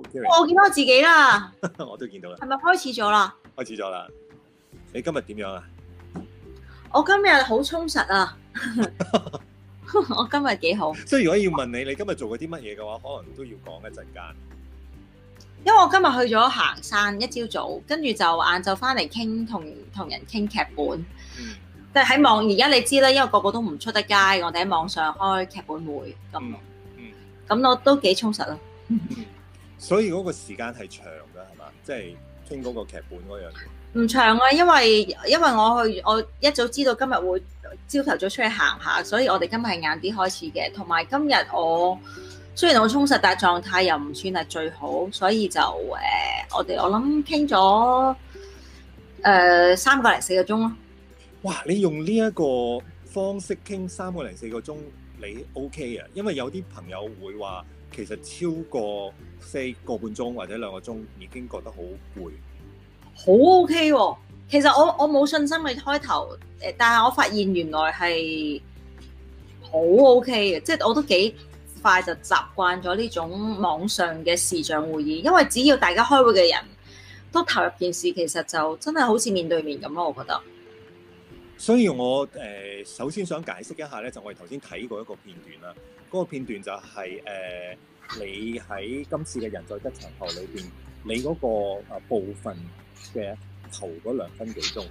Karen, 哦、我見到我自己啦， 我都見到啦。係咪開始咗啦？開始咗啦。你今日點樣啊？我今日好充實啊！ 我今日幾好。所以如果要問你，你今日做過啲乜嘢嘅話，可能都要講一陣間、嗯。因為我今日去咗行山，一朝早，跟住就晏晝翻嚟傾同同人傾劇本。但係喺網，而家你知啦，因為個個都唔出得街，我哋喺網上開劇本會咁、嗯。嗯。咁我都幾充實咯。 所以嗰個時間係長㗎，係嘛？即係傾嗰個劇本嗰樣。唔長啊，因為因為我去我一早知道今日會朝頭早出去行下，所以我哋今日係晏啲開始嘅。同埋今日我雖然我充實但係狀態，又唔算係最好，所以就誒、呃，我哋我諗傾咗誒三個零四個鐘咯。哇！你用呢一個方式傾三個零四個鐘，你 OK 啊？因為有啲朋友會話。其實超過四個半鐘或者兩個鐘已經覺得好攰，好 OK 喎。其實我我冇信心嘅，開頭，誒，但係我發現原來係好 OK 嘅，即係我都幾快就習慣咗呢種網上嘅視像會議，因為只要大家開會嘅人都投入件事，其實就真係好似面對面咁咯。我覺得，所以我誒、呃、首先想解釋一下呢，就我哋頭先睇過一個片段啦。嗰個片段就係、是、誒、呃、你喺今次嘅人約吉場後裏邊，你嗰個部分嘅頭嗰兩分幾鐘，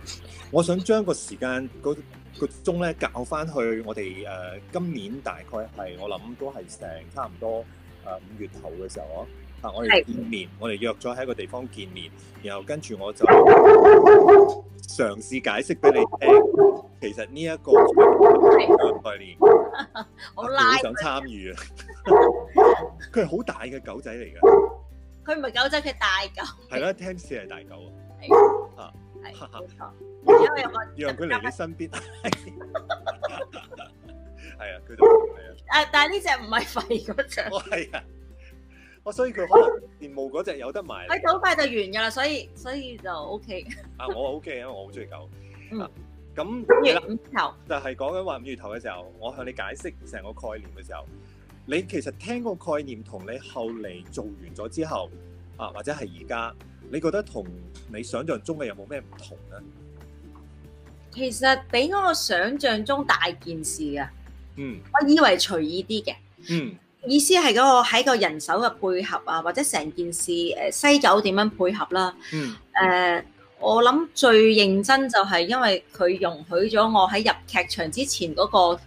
我想將個時間嗰、那個鐘咧校翻去我，我哋誒今年大概係我諗都係成差唔多誒、呃、五月頭嘅時候啊。嗱，我哋見面，我哋約咗喺一個地方見面，然後跟住我就嘗試解釋俾你聽，其實呢一個概念好拉，想參與啊！佢係好大嘅狗仔嚟㗎，佢唔係狗仔，佢大狗，係啦，Temps 係大狗啊，啊，冇錯，因為有個讓佢嚟你身邊，係啊，佢，係啊，啊，但係呢隻唔係吠嗰隻，我係啊。哦，所以佢可能電務嗰隻有得賣。佢好 快就完噶啦，所以所以就 O、OK、K。 啊，我 O、OK、K，因為我好中意狗。嗯。咁五、啊、月就係講緊話五月頭嘅 時候，我向你解釋成個概念嘅時候，你其實聽個概念同你後嚟做完咗之後啊，或者係而家，你覺得同你想像中嘅有冇咩唔同咧？其實比我想像中大件事啊！嗯。我以為隨意啲嘅。嗯。意思係嗰個喺個人手嘅配合啊，或者成件事誒西九點樣配合啦？嗯。誒，我諗最認真就係因為佢容許咗我喺入劇場之前嗰個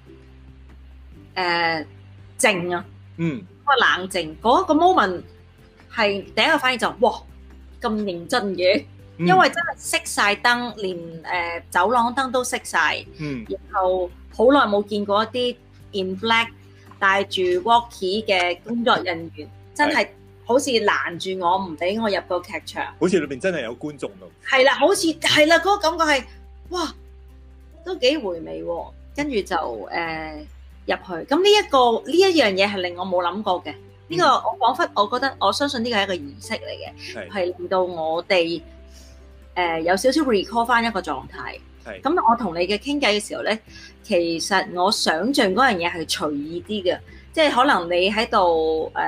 誒靜啊。嗯。嗰個冷靜，嗰個 moment 係第一個反應就哇，咁認真嘅，因為真係熄晒燈，連誒走廊燈都熄晒。嗯。然後好耐冇見過一啲 in black。帶住 walkie 嘅工作人員，的真係好似攔住我，唔俾我入個劇場。好似裏邊真係有觀眾咁。係啦，好似係啦，嗰、那個感覺係，哇，都幾回味喎。跟住就誒入、呃、去，咁呢、這個、一個呢一樣嘢係令我冇諗過嘅。呢、嗯這個我彷彿我覺得我相信呢個係一個儀式嚟嘅，係的令到我哋誒、呃、有少少 recall 翻一個狀態。咁我同你嘅傾偈嘅時候咧，其實我想象嗰樣嘢係隨意啲嘅，即係可能你喺度誒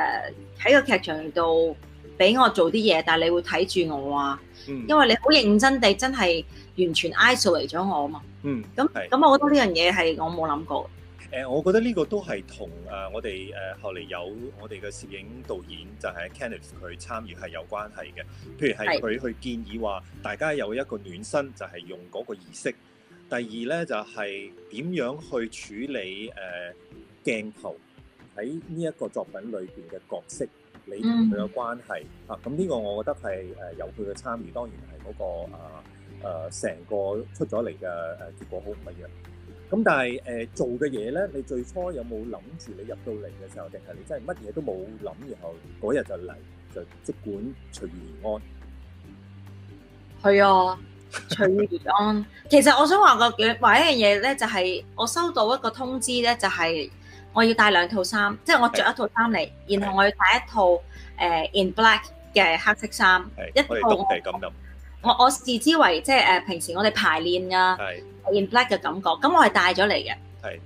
喺個劇場度俾我做啲嘢，但係你會睇住我啊，因為你好認真地真係完全 isolate 咗我啊嘛。嗯，咁咁，我覺得呢樣嘢係我冇諗過。誒，我覺得呢個都係同誒我哋誒後嚟有我哋嘅攝影導演就係 Kenneth 佢參與係有關係嘅。譬如係佢去建議話，大家有一個暖身就係用嗰個儀式。第二咧就係、是、點樣去處理誒、呃、鏡頭喺呢一個作品裏邊嘅角色，你同佢嘅關係。嚇、嗯，咁呢、啊、個我覺得係誒有佢嘅參與，當然係嗰、那個啊誒成個出咗嚟嘅誒結果好唔一樣。咁但係誒做嘅嘢咧，你最初有冇諗住你入到嚟嘅時候，定係你真係乜嘢都冇諗，然後嗰日就嚟，就即管隨遇而安？係啊，隨遇而安。其實我想話個幾話一樣嘢咧，就係我收到一個通知咧，就係我要帶兩套衫，即係我著一套衫嚟，然後我要帶一套誒 in black 嘅黑色衫。我哋篤地咁入。我我視之為即係誒平時我哋排練啊，in black 嘅感覺，咁我係帶咗嚟嘅。係。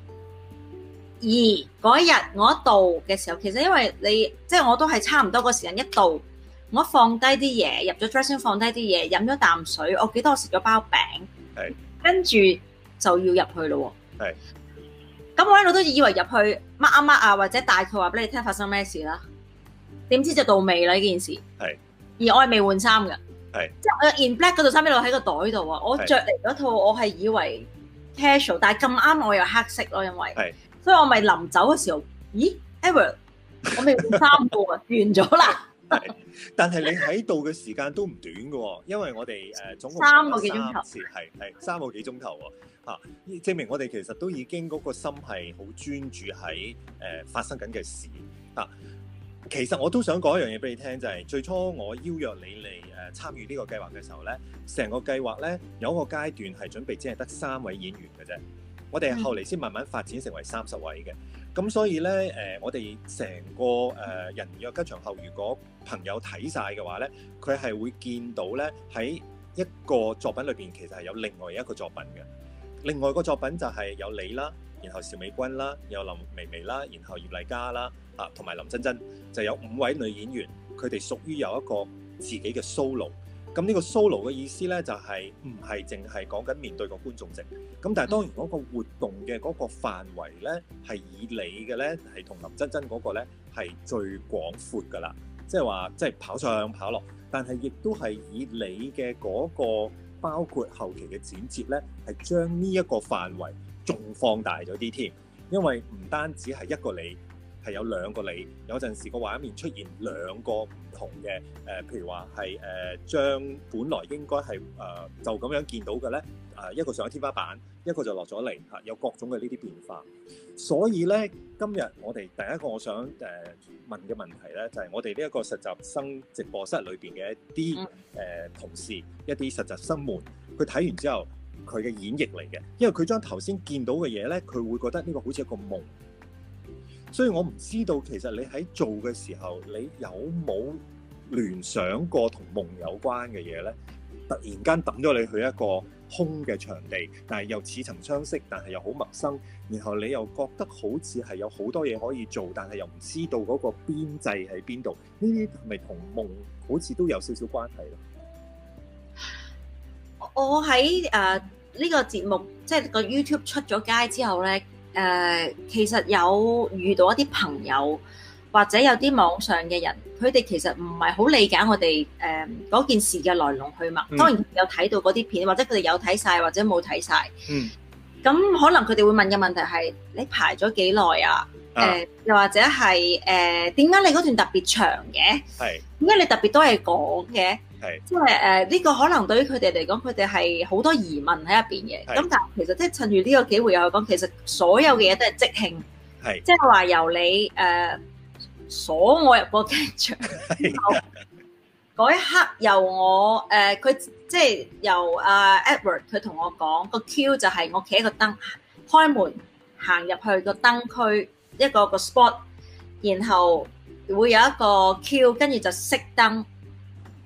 而嗰一日我度嘅時候，其實因為你即係我都係差唔多個時間一度，我放低啲嘢，入咗 dressing，放低啲嘢，飲咗啖水，我記得我食咗包餅。係。跟住就要入去咯喎。係。咁我一路都以為入去乜乜啊，或者大概話俾你聽發生咩事啦。點知就到尾啦呢件事。係。而我係未換衫嘅。係，即係我 in black 嗰套衫咧，我喺個袋度啊，我着嚟嗰套我係以為 casual，但係咁啱我又黑色咯，因為，是所以我咪臨走嘅時候，咦 Ever 我未換衫褲啊， 完咗了啦。係 但係你喺度嘅時間都唔短嘅，因為我哋誒總共三個幾個鐘頭，係，係三個幾個鐘頭喎，嚇、啊，證明我哋其實都已經嗰個心係好專注喺誒、呃、發生緊嘅事啊。其實我都想講一樣嘢俾你聽，就係、是、最初我邀約你嚟誒、呃、參與呢個計劃嘅時候呢，成個計劃呢有一個階段係準備只係得三位演員嘅啫。我哋後嚟先慢慢發展成為三十位嘅。咁所以呢，誒、呃，我哋成個誒、呃、人約吉場後，如果朋友睇晒嘅話呢，佢係會見到呢，喺一個作品裏邊其實係有另外一個作品嘅。另外個作品就係有你啦，然後邵美君啦，有林微微啦，然後葉麗嘉啦。同埋林珍珍就有五位女演員，佢哋屬於有一個自己嘅 solo。咁呢個 solo 嘅意思咧，就係唔係淨係講緊面對個觀眾席。咁但係當然嗰個活動嘅嗰個範圍咧，係以你嘅咧，係同林珍珍嗰個咧係最廣闊噶啦。即係話，即係跑上跑落，但係亦都係以你嘅嗰個包括後期嘅剪接咧，係將呢一個範圍仲放大咗啲添。因為唔單止係一個你。係有兩個你。有陣時個畫面出現兩個唔同嘅誒、呃，譬如話係誒將本來應該係誒、呃、就咁樣見到嘅咧，誒、呃、一個上咗天花板，一個就落咗嚟嚇，有各種嘅呢啲變化。所以咧，今日我哋第一個我想誒、呃、問嘅問題咧，就係、是、我哋呢一個實習生直播室裏邊嘅一啲誒、呃、同事，一啲實習生們，佢睇完之後，佢嘅演繹嚟嘅，因為佢將頭先見到嘅嘢咧，佢會覺得呢個好似一個夢。所以我唔知道，其實你喺做嘅時候，你有冇聯想過同夢有關嘅嘢呢？突然間抌咗你去一個空嘅場地，但係又似曾相識，但係又好陌生。然後你又覺得好似係有好多嘢可以做，但係又唔知道嗰個邊際喺邊度。呢啲係咪同夢好似都有少少關係咧？我喺誒呢個節目，即係個 YouTube 出咗街之後呢。誒，uh, 其實有遇到一啲朋友，或者有啲網上嘅人，佢哋其實唔係好理解我哋誒嗰件事嘅來龍去脈。當然有睇到嗰啲片，或者佢哋有睇晒，或者冇睇晒。咁、mm. 可能佢哋會問嘅問題係：你排咗幾耐啊？誒，又或者係誒點解你嗰段特別長嘅？係點解你特別多嘢講嘅？係即係誒呢個可能對於佢哋嚟講，佢哋係好多疑問喺入邊嘅。咁但係其實即係趁住呢個機會又講，其實所有嘅嘢都係即興，即係話由你誒鎖我入個劇場嗰一刻，由我誒佢即係由阿 Edward 佢同我講個 Q 就係我企喺個燈開門行入去個燈區。一個個 spot，然後會有一個 Q，跟住就熄燈，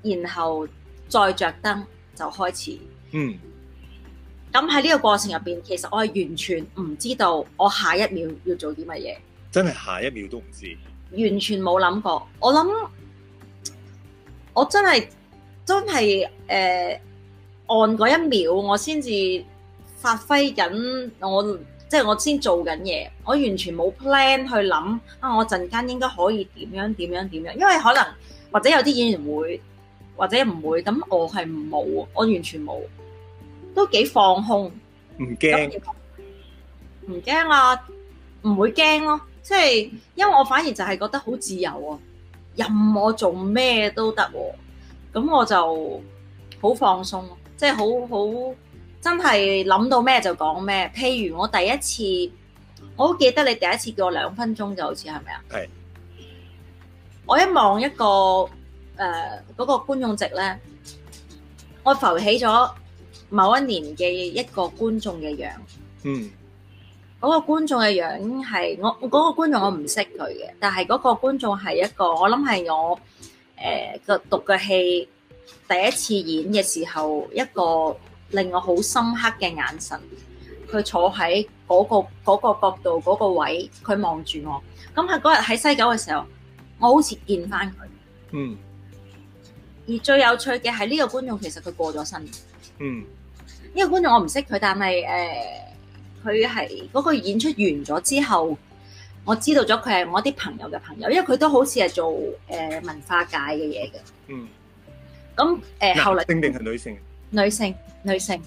然後再着燈就開始。嗯，咁喺呢個過程入邊，其實我係完全唔知道我下一秒要做啲乜嘢。真係下一秒都唔知，完全冇諗過。我諗，我真係真係誒，按嗰一秒我先至發揮緊我。即係我先做緊嘢，我完全冇 plan 去諗啊，我陣間應該可以點樣點樣點樣，因為可能或者有啲演員會，或者唔會，咁我係冇，我完全冇，都幾放空，唔驚怕，唔驚啊，唔會驚咯，即係、即係、因為我反而就係覺得好自由啊，任我做咩都得喎，咁我就好放鬆，即係好好。真係諗到咩就講咩。譬如我第一次，我好記得你第一次叫我兩分鐘就好似係咪啊？係。我一望一個誒嗰個觀眾席咧，我浮起咗某一年嘅一個觀眾嘅樣。嗯。嗰個觀眾嘅樣係我嗰個觀眾，我唔識佢嘅，但係嗰個觀眾係一個我諗係我誒個讀嘅戲第一次演嘅時候一個。令我好深刻嘅眼神，佢坐喺嗰個嗰個角度嗰個位，佢望住我。咁喺嗰日喺西九嘅時候，我好似見翻佢。嗯。而最有趣嘅係呢個觀眾，其實佢過咗身。嗯。呢個觀眾我唔識佢，但係誒，佢係嗰個演出完咗之後，我知道咗佢係我啲朋友嘅朋友，因為佢都好似係做誒、呃、文化界嘅嘢嘅。嗯。咁誒，呃啊、後嚟定定係女性。女性，女性，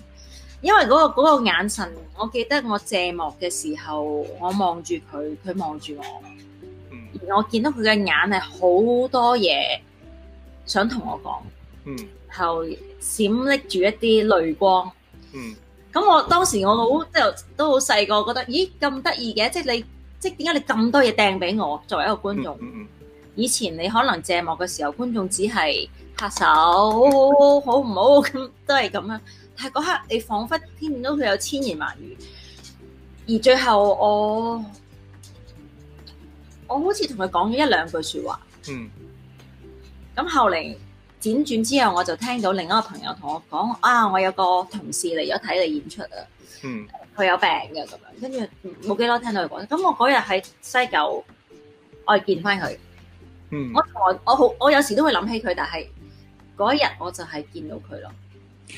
因為嗰、嗰個嗰個眼神，我記得我謝幕嘅時候，我望住佢，佢望住我，嗯、而我見到佢嘅眼係好多嘢想同我講，嗯、然後閃匿住一啲淚光。嗯，咁我當時我好即係都好細個，覺得咦咁得意嘅，即係你即係點解你咁多嘢掟俾我作為一個觀眾？嗯嗯嗯嗯、以前你可能謝幕嘅時候，觀眾只係。拍手好唔好？咁都係咁樣！但係嗰刻你彷彿聽到佢有千言萬語，而最後我我好似同佢講咗一兩句説話。嗯。咁後嚟輾轉之後，我就聽到另一個朋友同我講：啊，我有個同事嚟咗睇你演出啊！佢、嗯、有病嘅咁樣，跟住冇幾耐聽到佢講。咁我嗰日喺西九，我係見返佢。嗯。我我我好，我有時都會諗起佢，但係。嗰一日我就係見到佢咯、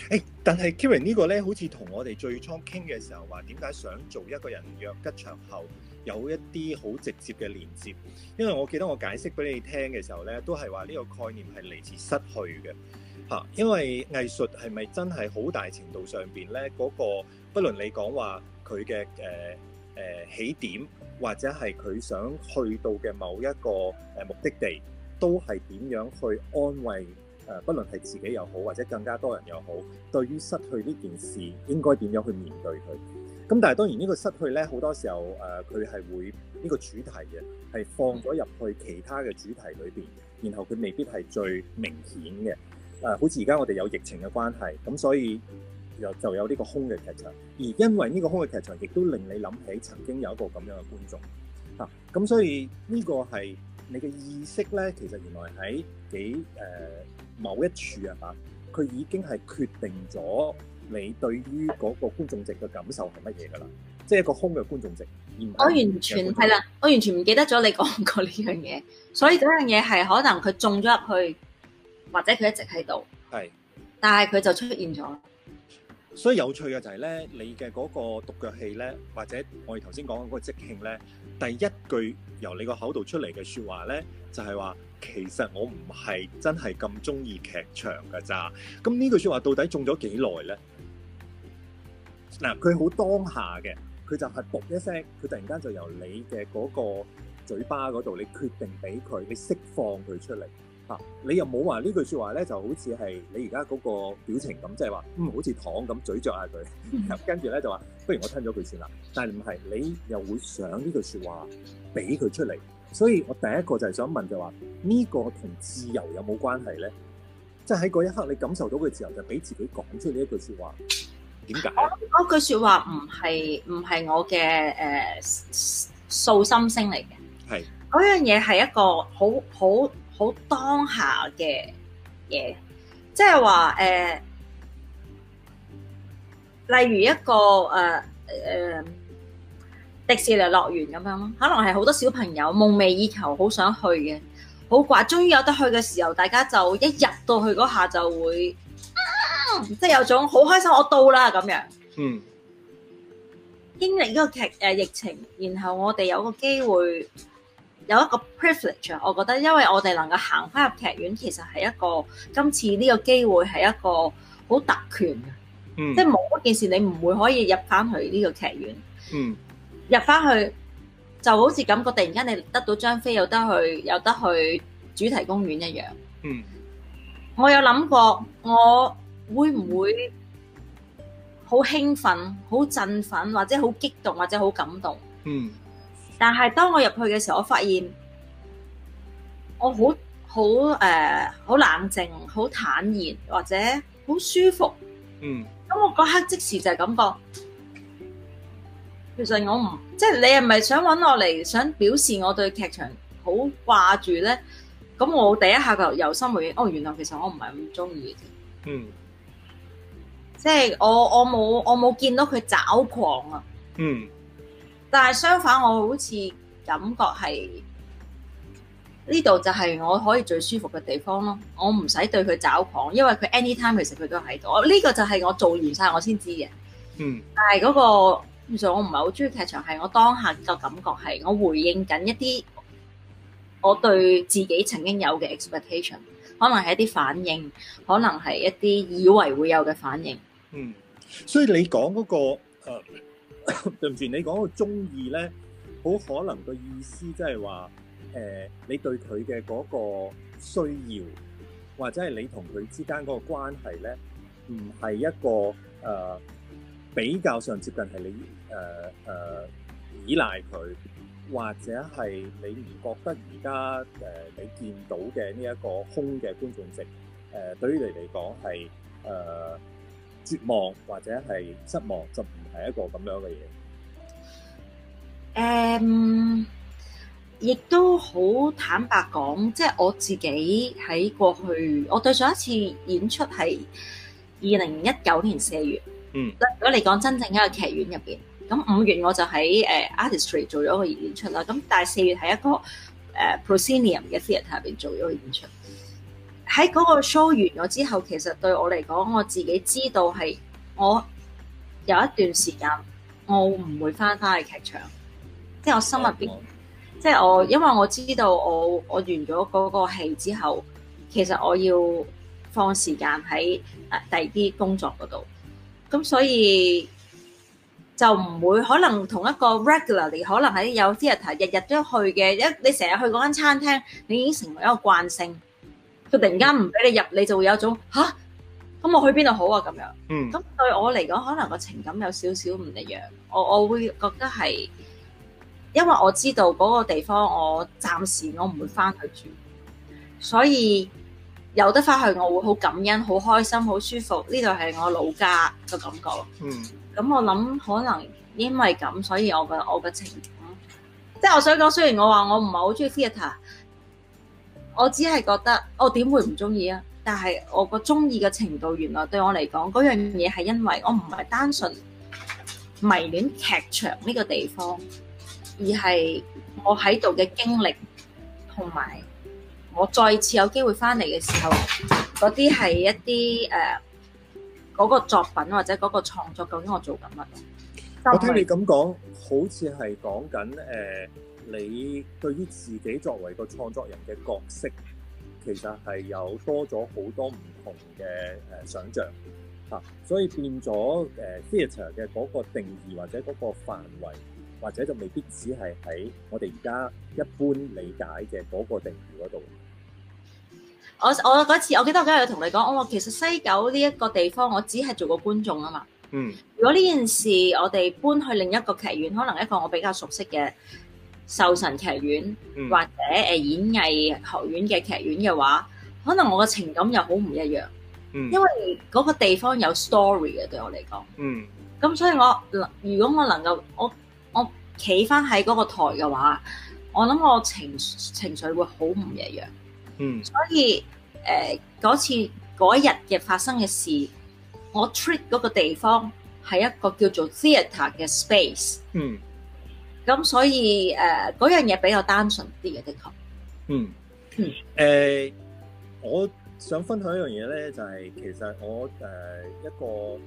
欸。但係 Kearen 呢個咧，好似同我哋最初傾嘅時候話，點解想做一個人約吉場後有一啲好直接嘅連接？因為我記得我解釋俾你聽嘅時候呢，都係話呢個概念係嚟自失去嘅。嚇、啊，因為藝術係咪真係好大程度上邊呢？嗰、嗰個不論你講話佢嘅誒誒起點，或者係佢想去到嘅某一個誒目的地，都係點樣去安慰？誒，不論係自己又好，或者更加多人又好，對於失去呢件事，應該點樣去面對佢？咁但係當然呢個失去呢好多時候誒，佢、呃、係會呢、呢個主題嘅，係放咗入去其他嘅主題裏邊，然後佢未必係最明顯嘅。誒、呃，好似而家我哋有疫情嘅關係，咁所以就有呢個空嘅劇場。而因為呢個空嘅劇場，亦都令你諗起曾經有一個咁樣嘅觀眾。嗱、啊，咁所以呢個係你嘅意識呢，其實原來喺幾誒。呃某一處啊，嘛，佢已經係決定咗你對於嗰個觀眾席嘅感受係乜嘢噶啦，即係一個空嘅觀眾席,觀席我。我完全係啦，我完全唔記得咗你講過呢樣嘢，所以嗰樣嘢係可能佢中咗入去，或者佢一直喺度。係，但係，佢就出現咗。所以有趣嘅就係咧，你嘅嗰個獨腳戲咧，或者我哋頭先講嗰個即興咧，第一句由你個口度出嚟嘅說話咧，就係話。其實我唔係真係咁中意劇場嘅咋，咁呢句説話到底中咗幾耐咧？嗱、啊，佢好當下嘅，佢就係噥一聲，佢突然間就由你嘅嗰個嘴巴嗰度，你決定俾佢，你釋放佢出嚟啊！你又冇話呢句説話咧，就好似係你而家嗰個表情咁，即係話嗯，好似糖咁咀嚼下佢， 跟住咧就話，不如我吞咗佢先啦。但係唔係，你又會想呢句説話俾佢出嚟？所以我第一個就係想問就話呢個同自由有冇關係咧？即係喺嗰一刻你感受到嘅自由就係俾自己講出呢一句説話，點解？我嗰句説話唔係唔係我嘅誒素心聲嚟嘅，係嗰是樣嘢係一個好好好當下嘅嘢，即係話誒，例如一個誒誒。呃呃迪士尼樂園咁樣咯，可能係好多小朋友夢寐以求，好想去嘅，好掛。終於有得去嘅時候，大家就一入到去嗰下就會，啊、即係有種好開心，我到啦咁樣。嗯。經歷呢個劇誒、呃、疫情，然後我哋有個機會，有一個 privilege 我覺得，因為我哋能夠行翻入劇院，其實係一個今次呢個機會係一個好特權嘅，嗯、即係冇呢件事，你唔會可以入翻去呢個劇院，嗯。入翻去就好似感覺突然間你得到張飛，有得去，有得去主題公園一樣。嗯，我有諗過我會唔會好興奮、好振奮或者好激動或者好感動？嗯。但係當我入去嘅時候，我發現我好好誒好冷靜、好坦然或者好舒服。嗯。咁我嗰刻即時就係感覺。其實我唔即係你係咪想搵我嚟想表示我對劇場好掛住咧？咁我第一下就由心回應哦，原來其實我唔係咁鍾意嘅。嗯，即係我我冇我冇見到佢找狂啊。嗯，但係相反我好似感覺係呢度就係我可以最舒服嘅地方咯。我唔使對佢找狂，因為佢 anytime 其實佢都喺度。哦，呢個就係我做完晒我先知嘅。嗯，但係嗰個。其實我唔係好中意劇場，係我當下個感覺係我回應緊一啲我對自己曾經有嘅 expectation，可能係一啲反應，可能係一啲以為會有嘅反應。嗯，所以你講嗰、那個誒、呃、對唔住，你講個中意咧，好可能個意思即係話誒，你對佢嘅嗰個需要，或者係你同佢之間嗰個關係咧，唔係一個誒。呃比較上接近係你誒誒依賴佢，或者係你唔覺得而家誒你見到嘅呢一個空嘅觀眾席，誒對於你嚟講係誒絕望或者係失望，就唔係一個咁樣嘅嘢。誒，亦都好坦白講，即係我自己喺過去，我對上一次演出係二零一九年四月。嗯，如果你講真正一個劇院入邊，咁五月我就喺誒、呃、Artistry 做咗一個演出啦。咁但係四月係一個誒、呃、Proscenium 嘅 theatre 入邊做咗個演出。喺嗰個 show 完咗之後，其實對我嚟講，我自己知道係我有一段時間我唔會翻返去劇場，即係我心入邊，哦、即係我因為我知道我我完咗嗰個戲之後，其實我要放時間喺誒第二啲工作嗰度。咁所以就唔會可能同一個 regular，你可能喺有啲日係日日都去嘅，一你成日去嗰間餐廳，你已經成為一個慣性。佢突然間唔俾你入，你就會有種吓，咁我去邊度好啊？咁樣。嗯。咁對我嚟講，可能個情感有少少唔一樣。我我會覺得係，因為我知道嗰個地方，我暫時我唔會返去住，所以。有得翻去，我會好感恩、好開心、好舒服。呢度係我老家嘅感覺。嗯。咁、嗯、我諗可能因為咁，所以我覺得我嘅情，即係我想講。雖然我話我唔係好中意 theatre，我只係覺得我點會唔中意啊？但係我個中意嘅程度，原來對我嚟講，嗰樣嘢係因為我唔係單純迷戀劇場呢個地方，而係我喺度嘅經歷同埋。我再次有機會翻嚟嘅時候，嗰啲係一啲誒嗰個作品或者嗰個創作，究竟我做緊乜？我聽你咁講，好似係講緊誒你對於自己作為個創作人嘅角色，其實係有多咗好多唔同嘅誒、呃、想像嚇、啊，所以變咗誒、呃、Theatre 嘅嗰個定義或者嗰個範圍。或者就未必只係喺我哋而家一般理解嘅嗰個定義嗰度。我我嗰次我記得我嗰日同你講，我話其實西九呢一個地方，我只係做過觀眾啊嘛。嗯。如果呢件事我哋搬去另一個劇院，可能一個我比較熟悉嘅壽臣劇院，嗯、或者誒演藝學院嘅劇院嘅話，可能我嘅情感又好唔一樣，嗯。因為嗰個地方有 story 嘅，對我嚟講，嗯。咁所以我如果我能夠我。企翻喺嗰個台嘅話，我諗我情情緒會好唔一樣。嗯，所以誒嗰、呃、次嗰一日嘅發生嘅事，我 treat 嗰個地方係一個叫做 theatre 嘅 space。嗯，咁所以誒嗰、呃、樣嘢比較單純啲嘅，的確。嗯嗯、呃、我想分享一樣嘢咧，就係、是、其實我誒、呃、一個誒、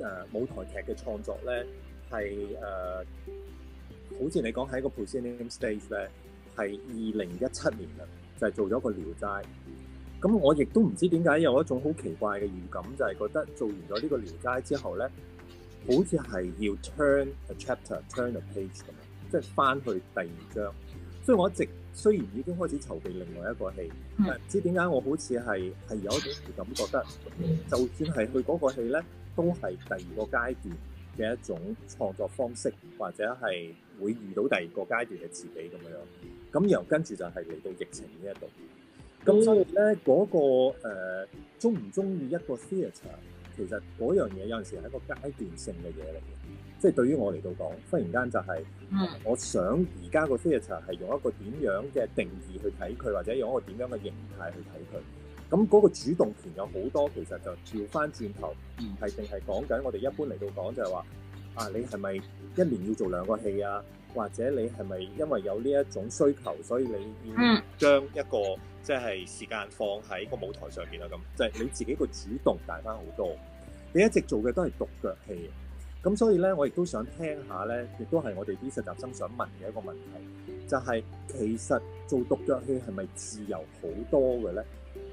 呃、舞台劇嘅創作咧，係誒。呃好似你講喺個 presenting stage 咧，係二零一七年啦，就係做咗個聊齋。咁我亦都唔知點解有一種好奇怪嘅預感，就係覺得做完咗呢個聊齋之後咧，好似係要 turn a chapter，turn a page 咁，即係翻去第二章。所以我一直雖然已經開始籌備另外一個戲，唔、嗯、知點解我好似係係有一種感覺，覺得就算係去嗰個戲咧，都係第二個階段。嘅一種創作方式，或者係會遇到第二個階段嘅自己咁樣，咁然後跟住就係嚟到疫情呢一度，咁、嗯、所以咧嗰、嗰個誒鍾唔鍾意一個 theatre，其實嗰樣嘢有陣時係一個階段性嘅嘢嚟嘅，即、就、係、是、對於我嚟到講，忽然間就係、是，嗯、我想而家個 theatre 係用一個點樣嘅定義去睇佢，或者用一個點樣嘅形態去睇佢。咁嗰個主動權有好多，其實就調翻轉頭，唔係淨係講緊我哋一般嚟到講就係話，啊你係咪一年要做兩個戲啊？或者你係咪因為有呢一種需求，所以你要將一個即係、就是、時間放喺個舞台上邊啊？咁即係你自己個主動大翻好多。你一直做嘅都係獨腳戲，咁所以咧，我亦都想聽下咧，亦都係我哋啲實習生想問嘅一個問題，就係、是、其實做獨腳戲係咪自由好多嘅咧？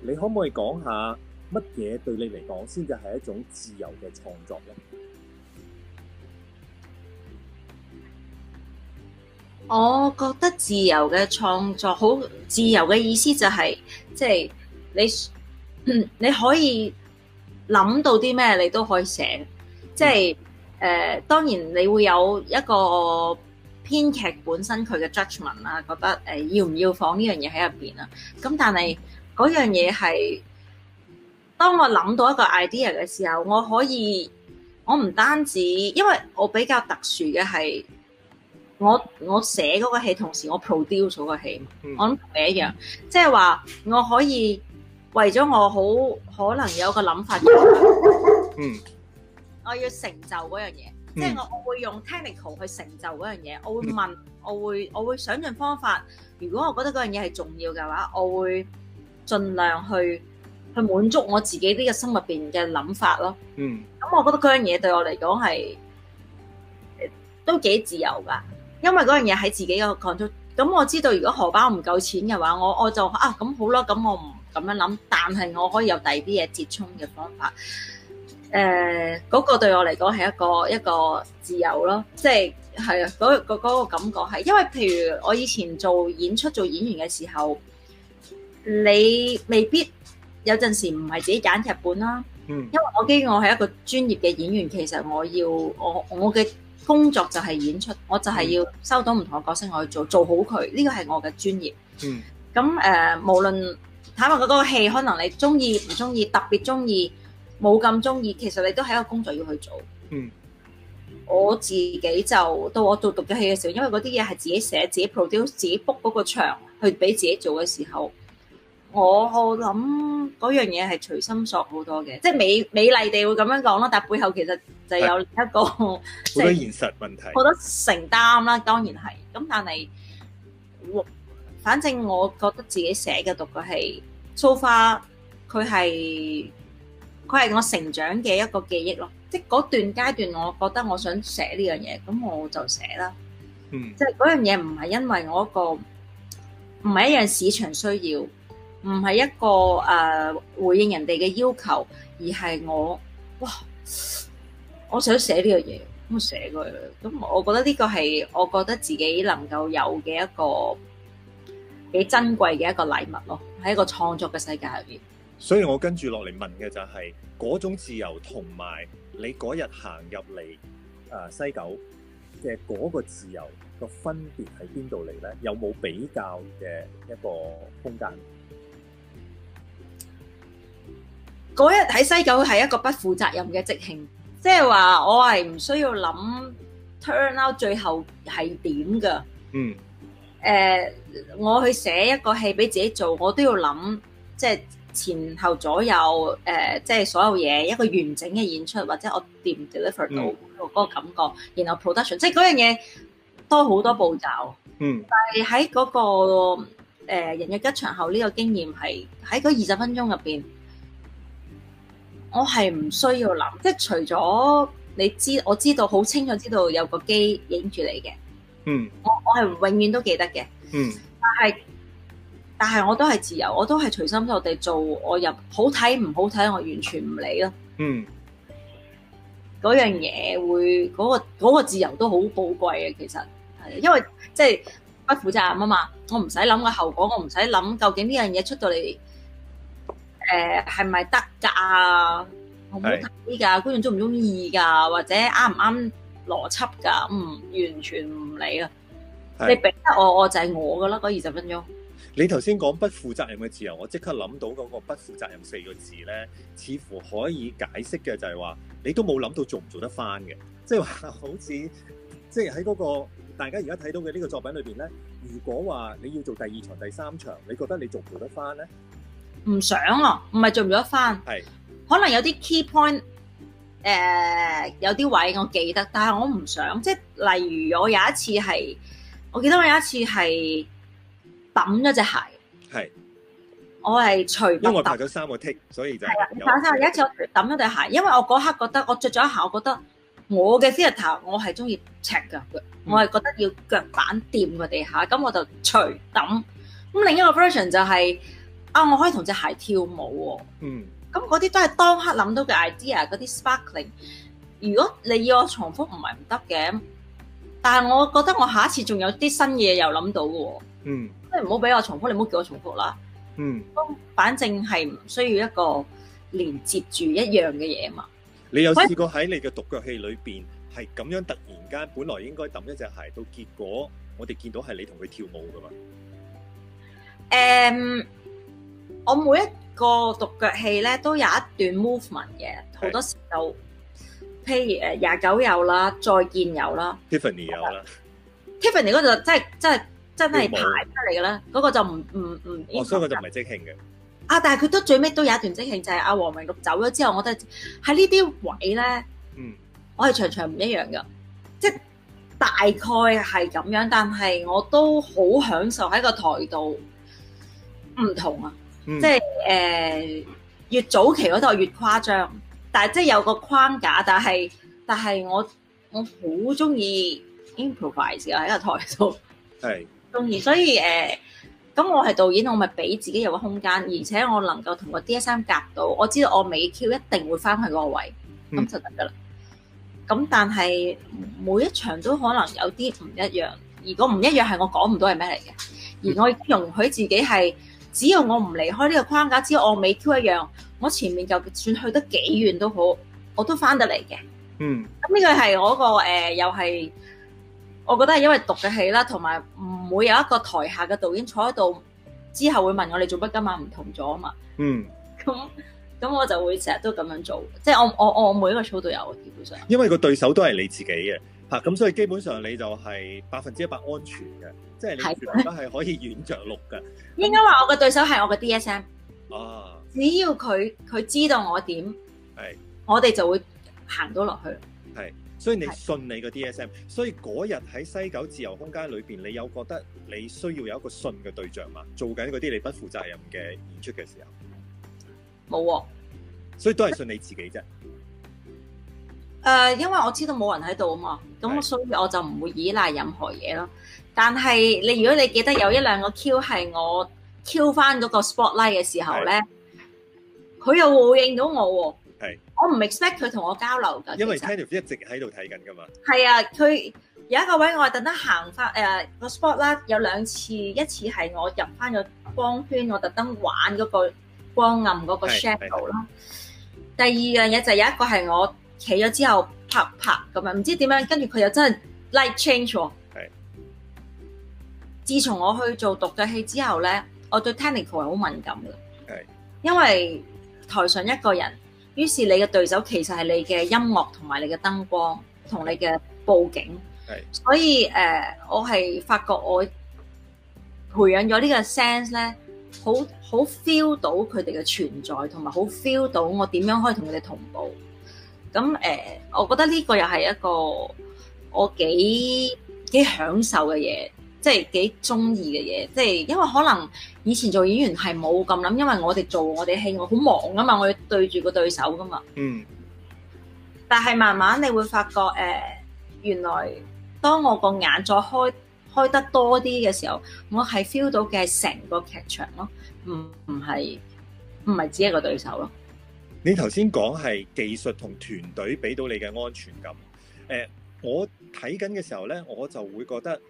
你可唔可以講下乜嘢對你嚟講先至係一種自由嘅創作咧？我覺得自由嘅創作好自由嘅意思就係即係你你，可以諗到啲咩，你都可以寫。即係誒，當然你會有一個編劇本身佢嘅 judgment 啦，覺得誒要唔要放呢樣嘢喺入邊啊？咁但係。嗰樣嘢係，當我諗到一個 idea 嘅時候，我可以我唔單止，因為我比較特殊嘅係，我我寫嗰個戲，同時我 produce 咗個戲，嗯、我諗同你一樣，嗯、即係話我可以為咗我好可能有個諗法，嗯，我要成就嗰樣嘢，嗯、即係我我會用 technical 去成就嗰樣嘢，嗯、我會問，嗯、我會我會想盡方法，如果我覺得嗰樣嘢係重要嘅話，我會。我會盡量去去滿足我自己呢個心入邊嘅諗法咯。嗯，咁、嗯、我覺得嗰樣嘢對我嚟講係都幾自由㗎，因為嗰樣嘢喺自己個 control。咁、嗯、我知道如果荷包唔夠錢嘅話，我我就啊咁、嗯嗯、好啦，咁、嗯、我唔咁樣諗，但係我可以有第二啲嘢接充嘅方法。誒、呃，嗰、嗰個對我嚟講係一個一個自由咯，即係係啊嗰嗰個感覺係，因為譬如我以前做演出做演員嘅時候。你未必有陣時唔係自己揀劇本啦，嗯、因為我基於我係一個專業嘅演員。其實我要我我嘅工作就係演出，我就係要收到唔同嘅角色，我去做做好佢。呢個係我嘅專業。咁誒、嗯嗯嗯，無論坦白講嗰個戲，可能你中意唔中意，特別中意冇咁中意，其實你都係一個工作要去做。嗯、我自己就到我做獨角戲嘅時候，因為嗰啲嘢係自己寫、自己 produce、自己 book 嗰個場去俾自己做嘅時候。我我諗嗰樣嘢係隨心索好多嘅，即係美美麗地會咁樣講啦。但係背後其實就有一個好多現實問題，好多承擔啦，當然係咁。但係我反正我覺得自己寫嘅讀劇係 So far，佢係佢係我成長嘅一個記憶咯。即係嗰段階段，我覺得我想寫呢樣嘢，咁我就寫啦。嗯，即係嗰樣嘢唔係因為我一個唔係一樣市場需要。唔係一個誒、uh, 回應人哋嘅要求，而係我哇，我想寫呢個嘢，咁就寫佢。咁我覺得呢個係我覺得自己能夠有嘅一個幾珍貴嘅一個禮物咯，喺一個創作嘅世界入面。所以我跟住落嚟問嘅就係、是、嗰種自由同埋你嗰日行入嚟誒西九嘅嗰個自由個分別喺邊度嚟咧？有冇比較嘅一個空間？嗰日喺西九係一個不負責任嘅即興，即係話我係唔需要諗 turn out 最後係點噶。嗯，誒，uh, 我去寫一個戲俾自己做，我都要諗即係前後左右誒，即、呃、係、就是、所有嘢一個完整嘅演出，或者我掂 deliver 到嗰個感覺，嗯、然後 production 即係嗰樣嘢多好多步驟。嗯，但係喺嗰個、呃、人約吉場後呢個經驗係喺嗰二十分鐘入邊。我係唔需要諗，即係除咗你知我知道好清楚知道有個機影住你嘅，嗯，我我係永遠都記得嘅，嗯，但係但係我都係自由，我都係隨心所地做，我入好睇唔好睇，我完全唔理咯，嗯，嗰樣嘢會嗰個嗰個自由都好寶貴嘅，其實，係因為即係不負責任啊嘛，我唔使諗個後果，我唔使諗究竟呢樣嘢出到嚟。誒，係咪得噶？好唔好睇噶？觀眾中唔中意噶？或者啱唔啱邏輯噶？嗯，完全唔理啊。是你俾得我，我就係我噶啦。嗰二十分鐘。你頭先講不負責任嘅自由，我即刻諗到嗰個不負責任四個字咧，似乎可以解釋嘅就係話，你都冇諗到做唔做得翻嘅、就是，即係話好似，即係喺嗰個大家而家睇到嘅呢個作品裏邊咧，如果話你要做第二場、第三場，你覺得你做唔做得翻咧？唔想哦，啊，唔係做唔咗得翻，是可能有啲 key point。誒、呃、有啲位我記得，但係我唔想，即係例如我有一次係，我記得我有一次係抌咗隻鞋，係是，我係除，因為我排咗三個 take，所以就係排咗有一次我抌咗對鞋，因為我嗰刻覺得我着咗一下，我覺得我嘅 style、嗯、我係中意赤腳，我係覺得要腳板掂個地下，咁我就除抌，咁另一個 version 就係、是。啊！我可以同隻鞋跳舞喎、哦。嗯。咁嗰啲都係當刻諗到嘅 idea，嗰啲 sparkling。如果你要我重複，唔係唔得嘅。但係我覺得我下一次仲有啲新嘢又諗到嘅、哦、喎。嗯。即係唔好俾我重複，你唔好叫我重複啦。嗯。反正係唔需要一個連接住一樣嘅嘢嘛。你有試過喺你嘅獨腳戲裏邊係咁樣突然間，本來應該揼一隻鞋，到結果我哋見到係你同佢跳舞嘅嘛？誒、嗯。我每一個獨腳戲咧，都有一段 movement 嘅，好的多時候，譬如誒廿九有啦，再見有啦，Tiffany 有啦 ，Tiffany 嗰度真係真係真係排出嚟嘅啦。嗰、嗰個就唔唔唔，所以佢就唔係即興嘅。啊，但係佢都最尾都有一段即興，就係阿黃明玉走咗之後，我哋喺呢啲位咧，嗯，我係場場唔一樣嘅，即、係、大概係咁樣，但係我都好享受喺個台度唔同啊！嗯、即係誒、uh, 越早期嗰度越誇張，但係即係有個框架。但係但係我我好中意 improvise 啊喺個台度係中意，所以誒咁、uh, 我係導演，我咪俾自己有個空間，而且我能夠同個 DSM 夾到，我知道我尾 Q 一定會翻去個位，咁、嗯、就得噶啦。咁但係每一場都可能有啲唔一樣。如果唔一樣係我講唔到係咩嚟嘅，而我容許自己係。只要我唔離開呢個框架，只要我未挑一樣，我前面就算去得幾遠都好，我都返得嚟嘅。嗯，咁呢個係我個誒、呃，又係我覺得係因為讀嘅戲啦，同埋唔會有一個台下嘅導演坐喺度之後會問我，你做乜今晚唔同咗啊嘛。嗯，咁咁我就會成日都咁樣做，即係我我我每一個 show 都有基本上。因為個對手都係你自己嘅。啊！咁所以基本上你就係百分之一百安全嘅，即係全部都係可以軟著陸嘅。 應該話我嘅對手係我嘅 DSM。啊！只要佢佢知道我點，係是我哋就會行到落去。係，所以你信你個 DSM 是。所以嗰日喺西九自由空間裏邊，你有覺得你需要有一個信嘅對象嘛？做緊嗰啲你不負責任嘅演出嘅時候，冇、啊。所以都係信你自己啫。誒、呃，因為我知道冇人喺度啊嘛，咁所以我就唔會依賴任何嘢咯。但係你如果你記得有一兩個 Q 係我 Q 翻嗰個 spotlight 嘅時候咧，佢的又會應到我喎。的我唔 expect 佢同我交流㗎。因為 Tandy 一直喺度睇緊㗎嘛。係啊，佢有一個位，我係特登行翻誒、呃、個 spotlight 有兩次，一次係我入翻個光圈，我特登玩嗰個光暗嗰個 shadow 啦的。第二樣嘢就有一個係我。企咗之後，啪啪咁樣，唔知點樣，跟住佢又真係 light change 喎。係。自從我去做獨角戲之後咧，我對 technical 係好敏感嘅。係的。因為台上一個人，於是你嘅對手其實係你嘅音樂同埋你嘅燈光同你嘅佈景。係的。所以誒、呃，我係發覺我培養咗呢個 sense 咧，好好 feel 到佢哋嘅存在，同埋好 feel 到我點樣可以同佢哋同步。咁誒、欸，我覺得呢個又係一個我幾幾享受嘅嘢，即係幾鍾意嘅嘢。即係因為可能以前做演員係冇咁諗，因為我哋做我哋戲我好忙吖嘛，我要對住個對手㗎嘛。嗯。但係慢慢你會發覺誒、欸，原來當我個眼再開開得多啲嘅時候，我係 feel 到嘅成個劇場咯，唔唔係唔係只一個對手咯。你頭先講係技術同團隊俾到你嘅安全感，誒、呃，我睇緊嘅時候咧，我就會覺得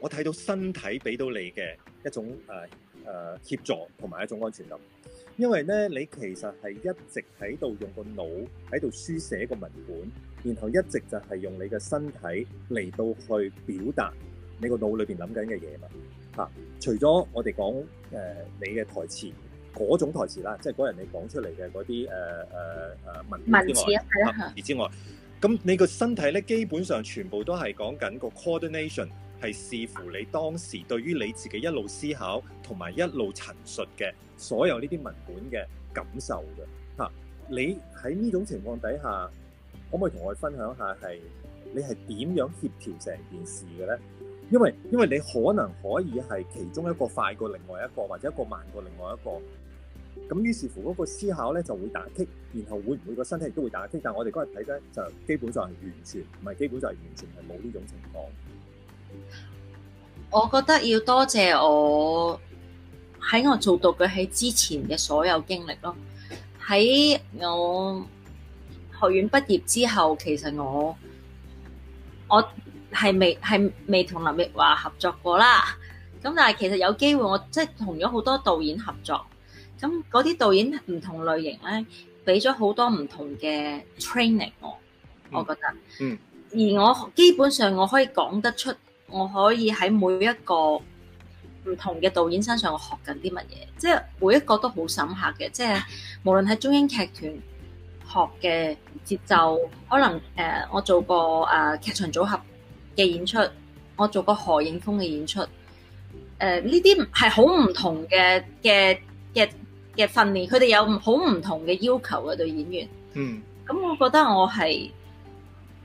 我睇到身體俾到你嘅一種誒誒協助同埋一種安全感，因為咧你其實係一直喺度用個腦喺度書寫個文本，然後一直就係用你嘅身體嚟到去表達你個腦裏邊諗緊嘅嘢嘛。嗱、啊，除咗我哋講誒你嘅台詞。嗰種台詞啦，即係嗰人你講出嚟嘅嗰啲誒誒誒文字之外，字之外，咁你個身體咧基本上全部都係講緊個 coordination，係視乎你當時對於你自己一路思考同埋一路陳述嘅所有呢啲文本嘅感受嘅。嚇、啊，你喺呢種情況底下，可唔可以同我哋分享下係你係點樣協調成件事嘅咧？因為因為你可能可以係其中一個快過另外一個，或者一個慢過另外一個。咁於是乎，嗰個思考咧就會打擊，然後會唔會個身體亦都會打擊？但係我哋嗰日睇咧就基本上係完全唔係，基本上係完全係冇呢種情況。我覺得要多謝我喺我做獨腳戲之前嘅所有經歷咯。喺我學院畢業之後，其實我我係未係未同林奕華合作過啦。咁但係其實有機會我，我即係同咗好多導演合作。咁嗰啲導演唔同類型咧，俾咗好多唔同嘅 training 我，嗯、我覺得。嗯。而我基本上我可以講得出，我可以喺每一個唔同嘅導演身上，我學緊啲乜嘢？即係每一個都好深刻嘅。即係無論喺中英劇團學嘅節奏，可能誒、呃、我做過誒、呃、劇場組合嘅演出，我做過何應豐嘅演出。誒，呢啲係好唔同嘅嘅嘅訓練，佢哋有好唔同嘅要求嘅對演員。嗯，咁我覺得我係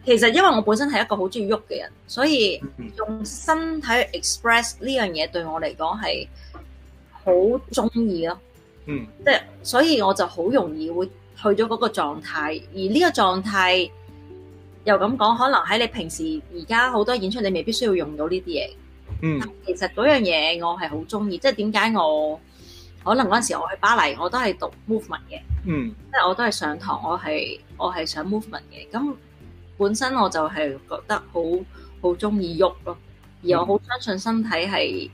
其實因為我本身係一個好中意喐嘅人，所以用身體 express 呢樣嘢對我嚟講係好中意咯。嗯，即係所以我就好容易會去咗嗰個狀態，而呢個狀態又咁講，可能喺你平時而家好多演出，你未必需要用到呢啲嘢。嗯，但其實嗰樣嘢我係好中意，即係點解我？可能嗰陣時我去巴黎，我都係讀 movement 嘅，即係、嗯、我都係上堂，我係我係上 movement 嘅。咁本身我就係覺得好好中意喐咯，而我好相信身體係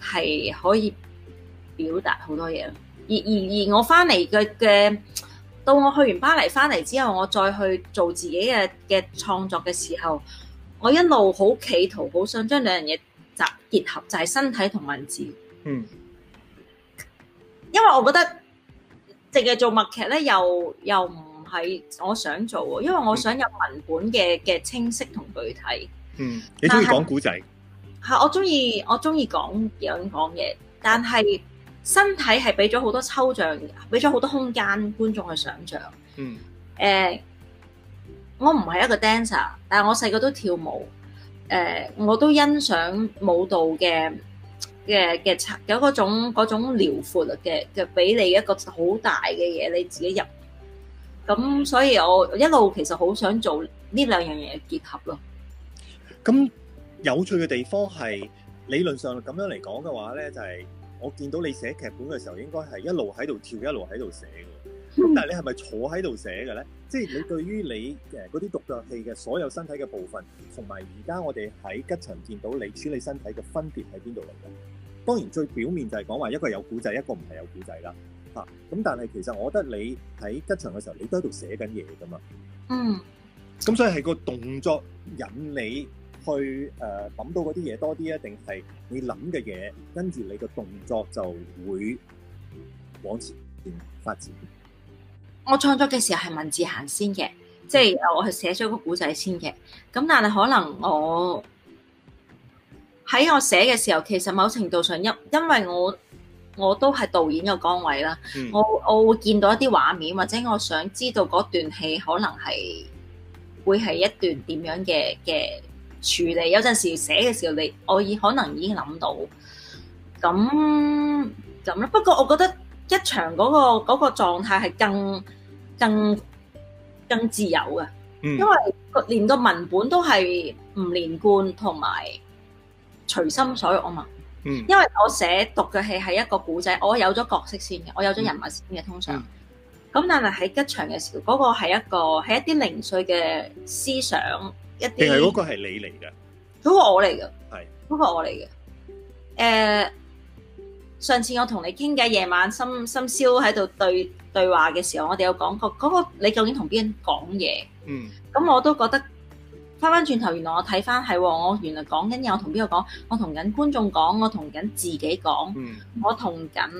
係、嗯、可以表達好多嘢。而而而我翻嚟嘅嘅，到我去完巴黎翻嚟之後，我再去做自己嘅嘅創作嘅時候，我一路好企圖，好想將兩樣嘢集結合，就係、是、身體同文字。嗯。因為我覺得淨係做默劇咧，又又唔係我想做喎。因為我想有文本嘅嘅清晰同具體。嗯，你中意講古仔？係我中意，我中意講嘢講嘢。但係身體係俾咗好多抽象，俾咗好多空間觀眾去想像。嗯。誒，uh, 我唔係一個 dancer，但係我細個都跳舞。誒，uh，我都欣賞舞蹈嘅。嘅嘅有嗰種嗰種遼闊嘅，就俾你一個好大嘅嘢你自己入。咁所以我一路其實好想做呢兩樣嘢結合咯。咁有趣嘅地方係理論上咁樣嚟講嘅話咧，就係、是、我見到你寫劇本嘅時候，應該係一路喺度跳，一路喺度寫嘅。咁但係你係咪坐喺度寫嘅咧？即係你對於你誒嗰啲獨角戲嘅所有身體嘅部分，同埋而家我哋喺吉場見到你處理身體嘅分別喺邊度嚟嘅？當然最表面就係講話一個有古仔，一個唔係有古仔啦。嚇、啊！咁但係其實我覺得你喺吉場嘅時候，你都喺度寫緊嘢㗎嘛。嗯。咁所以係個動作引你去誒諗、呃、到嗰啲嘢多啲啊，定係你諗嘅嘢跟住你個動作就會往前，前發展。我創作嘅時候係文字行先嘅，即係我係寫咗個古仔先嘅。咁但係可能我喺我寫嘅時候，其實某程度上因因為我我都係導演嘅崗位啦，我我會見到一啲畫面，或者我想知道嗰段戲可能係會係一段點樣嘅嘅處理。有陣時寫嘅時候，你我已可能已經諗到咁咁啦。不過我覺得，一場嗰、那個嗰、那個狀態係更更更自由嘅，嗯、因為連個文本都係唔連貫同埋隨心所欲啊嘛。嗯、因為我寫讀嘅戲係一個古仔，我有咗角色先嘅，我有咗人物先嘅，通常。咁、嗯、但係喺一場嘅時候，嗰、那個係一個係一啲零碎嘅思想，一定係嗰個係你嚟嘅，嗰個我嚟嘅，係嗰的我嚟嘅，誒、呃。上次我同你傾偈，夜晚深深宵喺度對對話嘅時候，我哋有講過嗰、嗰個你究竟同邊人講嘢？嗯，咁我都覺得翻翻轉頭，原來我睇翻係我原來講緊嘢，我同邊個講？我同緊觀眾講，我同緊自己講，嗯、我同緊誒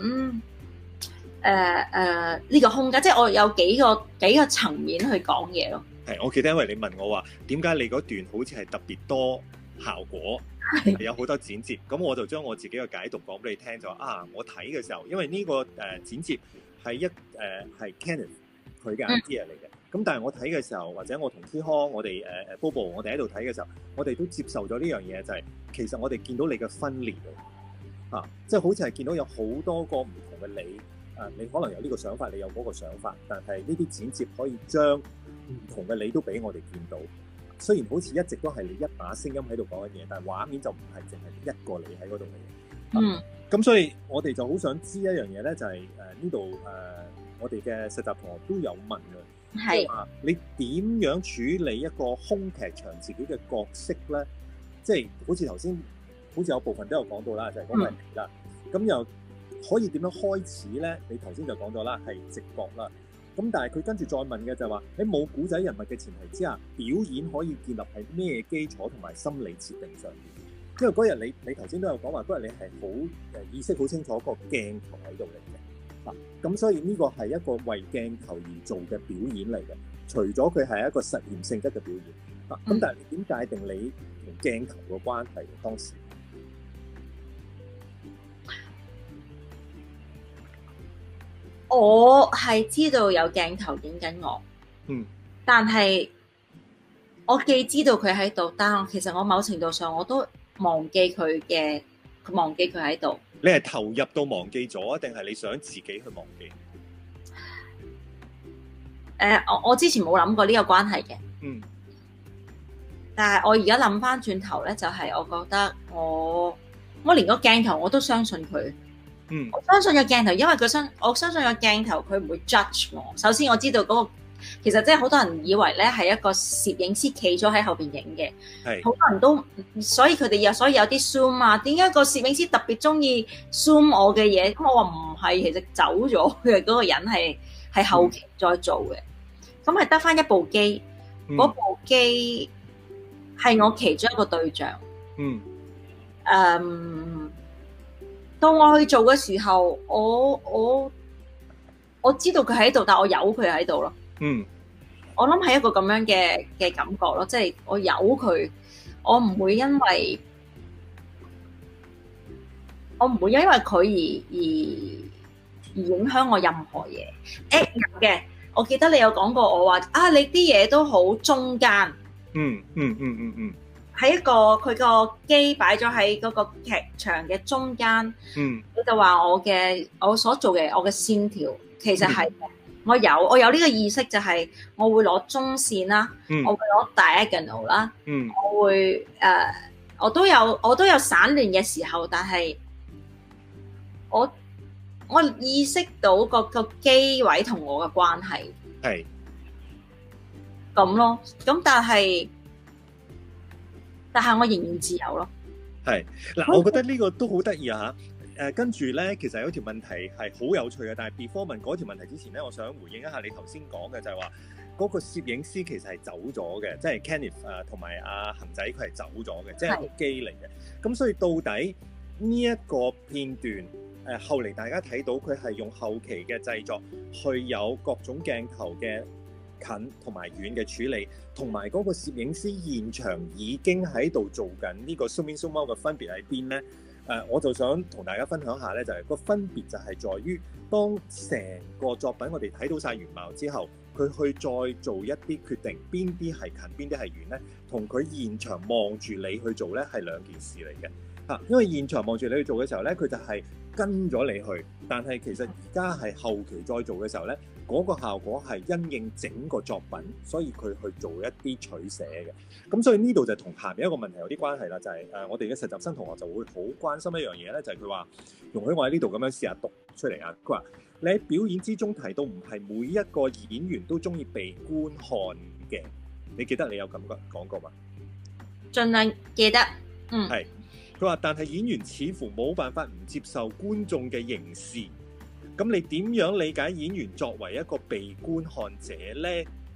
誒呢個空間，即係我有幾個幾個層面去講嘢咯。係，我記得因為你問我話點解你嗰段好似係特別多效果。有好多剪接，咁我就將我自己嘅解讀講俾你聽，就啊，我睇嘅時候，因為呢、這個誒、呃、剪接係一誒係 Kenneth 佢嘅 idea 嚟嘅，咁、呃、但係我睇嘅時候，或者我同 Skye 我哋誒誒、呃、Bobo 我哋喺度睇嘅時候，我哋都接受咗呢樣嘢，就係、是、其實我哋見到你嘅分裂啊，即、就、係、是、好似係見到有好多個唔同嘅你啊，你可能有呢個想法，你有嗰個想法，但係呢啲剪接可以將唔同嘅你都俾我哋見到。雖然好似一直都係你一把聲音喺度講緊嘢，但係畫面就唔係淨係一個你喺嗰度嚟嘅。嗯。咁、uh, 所以我哋就好想知一樣嘢咧，就係誒呢度誒我哋嘅實習同學都有問㗎，係話是你點樣處理一個空劇場自己嘅角色咧？即係好似頭先，好似有部分都有講到啦，就係講問題啦。咁、嗯、又可以點樣開始咧？你頭先就講咗啦，係直播啦。咁但係佢跟住再問嘅就係話，喺冇古仔人物嘅前提之下，表演可以建立喺咩基礎同埋心理設定上面？」因為嗰日你你頭先都有講話，嗰日你係好誒意識好清楚個鏡頭喺度嚟嘅，嚇、啊、咁、嗯、所以呢個係一個為鏡頭而做嘅表演嚟嘅，除咗佢係一個實驗性質嘅表演，嚇、啊、咁、嗯、但係點界定你同鏡頭嘅關係當時？我係知道有鏡頭影緊我，嗯，但係我既知道佢喺度，但其實我某程度上我都忘記佢嘅，忘記佢喺度。你係投入到忘記咗，定係你想自己去忘記？誒、呃，我我之前冇諗過呢個關係嘅，嗯，但係我而家諗返轉頭咧，就係、是、我覺得我我連個鏡頭我都相信佢。嗯，我相信個鏡頭，因為佢相，我相信個鏡頭佢唔會 judge 我。首先我知道嗰個，其實即係好多人以為咧係一個攝影師企咗喺後邊影嘅，係好是多人都，所以佢哋有，所以有啲 zoom 啊，點解個攝影師特別中意 zoom 我嘅嘢？咁我話唔係，其實走咗嘅嗰個人係係後期再做嘅，咁係得返一部機，嗰、嗯、部機係我其中一個對象，嗯，誒。Um, 當我去做嘅時候，我我我知道佢喺度，但我有佢喺度咯。嗯，我諗係一個咁樣嘅嘅感覺咯，即係我有佢，我唔會因為，我唔會因為佢而而而影響我任何嘢。誒、欸，有嘅，我記得你有講過我話啊，你啲嘢都好中間，嗯。嗯嗯嗯嗯嗯。嗯嗯喺一個佢個機擺咗喺嗰個劇場嘅中間，佢就話我嘅我所做嘅我嘅線條其實係我有我有呢個意識，就係我會攞中線啦，我會攞大 diagonal 啦，我會誒我都有我都有散亂嘅時候，但係我我意識到個個機位同我嘅關係係咁咯，咁但係。但係我仍然自由咯。係嗱，我覺得呢個都好得意啊嚇！誒，跟住呢，其實有條問題係好有趣嘅，但係 before 問嗰條問題之前呢，我想回應一下你頭先講嘅就係話嗰個攝影師其實係走咗嘅，即係 Kenneth 誒同埋阿恒仔佢係走咗嘅，即係一個機嚟嘅。咁所以到底呢一個片段誒後嚟大家睇到佢係用後期嘅製作去有各種鏡頭嘅。近同埋遠嘅處理，同埋嗰個攝影師現場已經喺度做緊呢個 zoom in zoom out 嘅分別喺邊呢？誒、呃，我就想同大家分享下呢，就係、是、個分別就係在於，當成個作品我哋睇到晒原貌之後，佢去再做一啲決定，邊啲係近，邊啲係遠呢？同佢現場望住你去做呢，係兩件事嚟嘅。嚇、啊，因為現場望住你去做嘅時候呢，佢就係跟咗你去，但係其實而家係後期再做嘅時候呢。嗰個效果係因應整個作品，所以佢去做一啲取捨嘅。咁所以呢度就同下面一個問題有啲關係啦，就係、是、誒、呃、我哋嘅實習生同學就會好關心一樣嘢咧，就係佢話容許我喺呢度咁樣試下讀出嚟啊。佢話你喺表演之中提到唔係每一個演員都中意被觀看嘅，你記得你有咁講過嘛？盡量記得，嗯。係。佢話但係演員似乎冇辦法唔接受觀眾嘅凝視。咁你點樣理解演員作為一個被觀看者呢？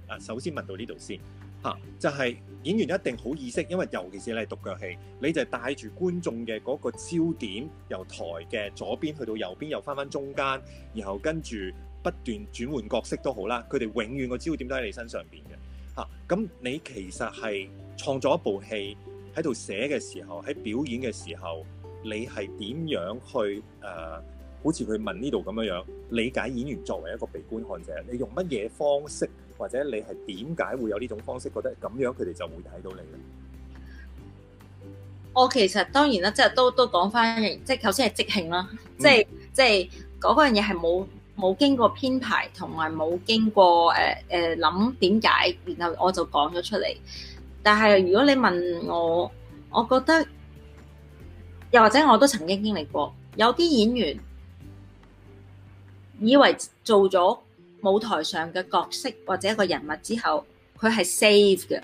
啊，首先問到呢度先嚇、啊，就係、是、演員一定好意識，因為尤其是你係獨腳戲，你就係帶住觀眾嘅嗰個焦點，由台嘅左邊去到右邊，又返返中間，然後跟住不斷轉換角色都好啦。佢哋永遠個焦點都喺你身上面嘅嚇。咁、啊、你其實係創作一部戲喺度寫嘅時候，喺表演嘅時候，你係點樣去誒？呃好似佢問呢度咁樣樣，理解演員作為一個被觀看者，你用乜嘢方式，或者你係點解會有呢種方式？覺得咁樣佢哋就會睇到你咧。我其實當然啦，即係都都講返，即係頭先係即興啦，即係、嗯、即係嗰個嘢係冇冇經過編排，同埋冇經過誒誒諗點解，然後我就講咗出嚟。但係如果你問我，嗯、我覺得又或者我都曾經經歷過有啲演員。以為做咗舞台上嘅角色或者一個人物之後，佢係 save 嘅，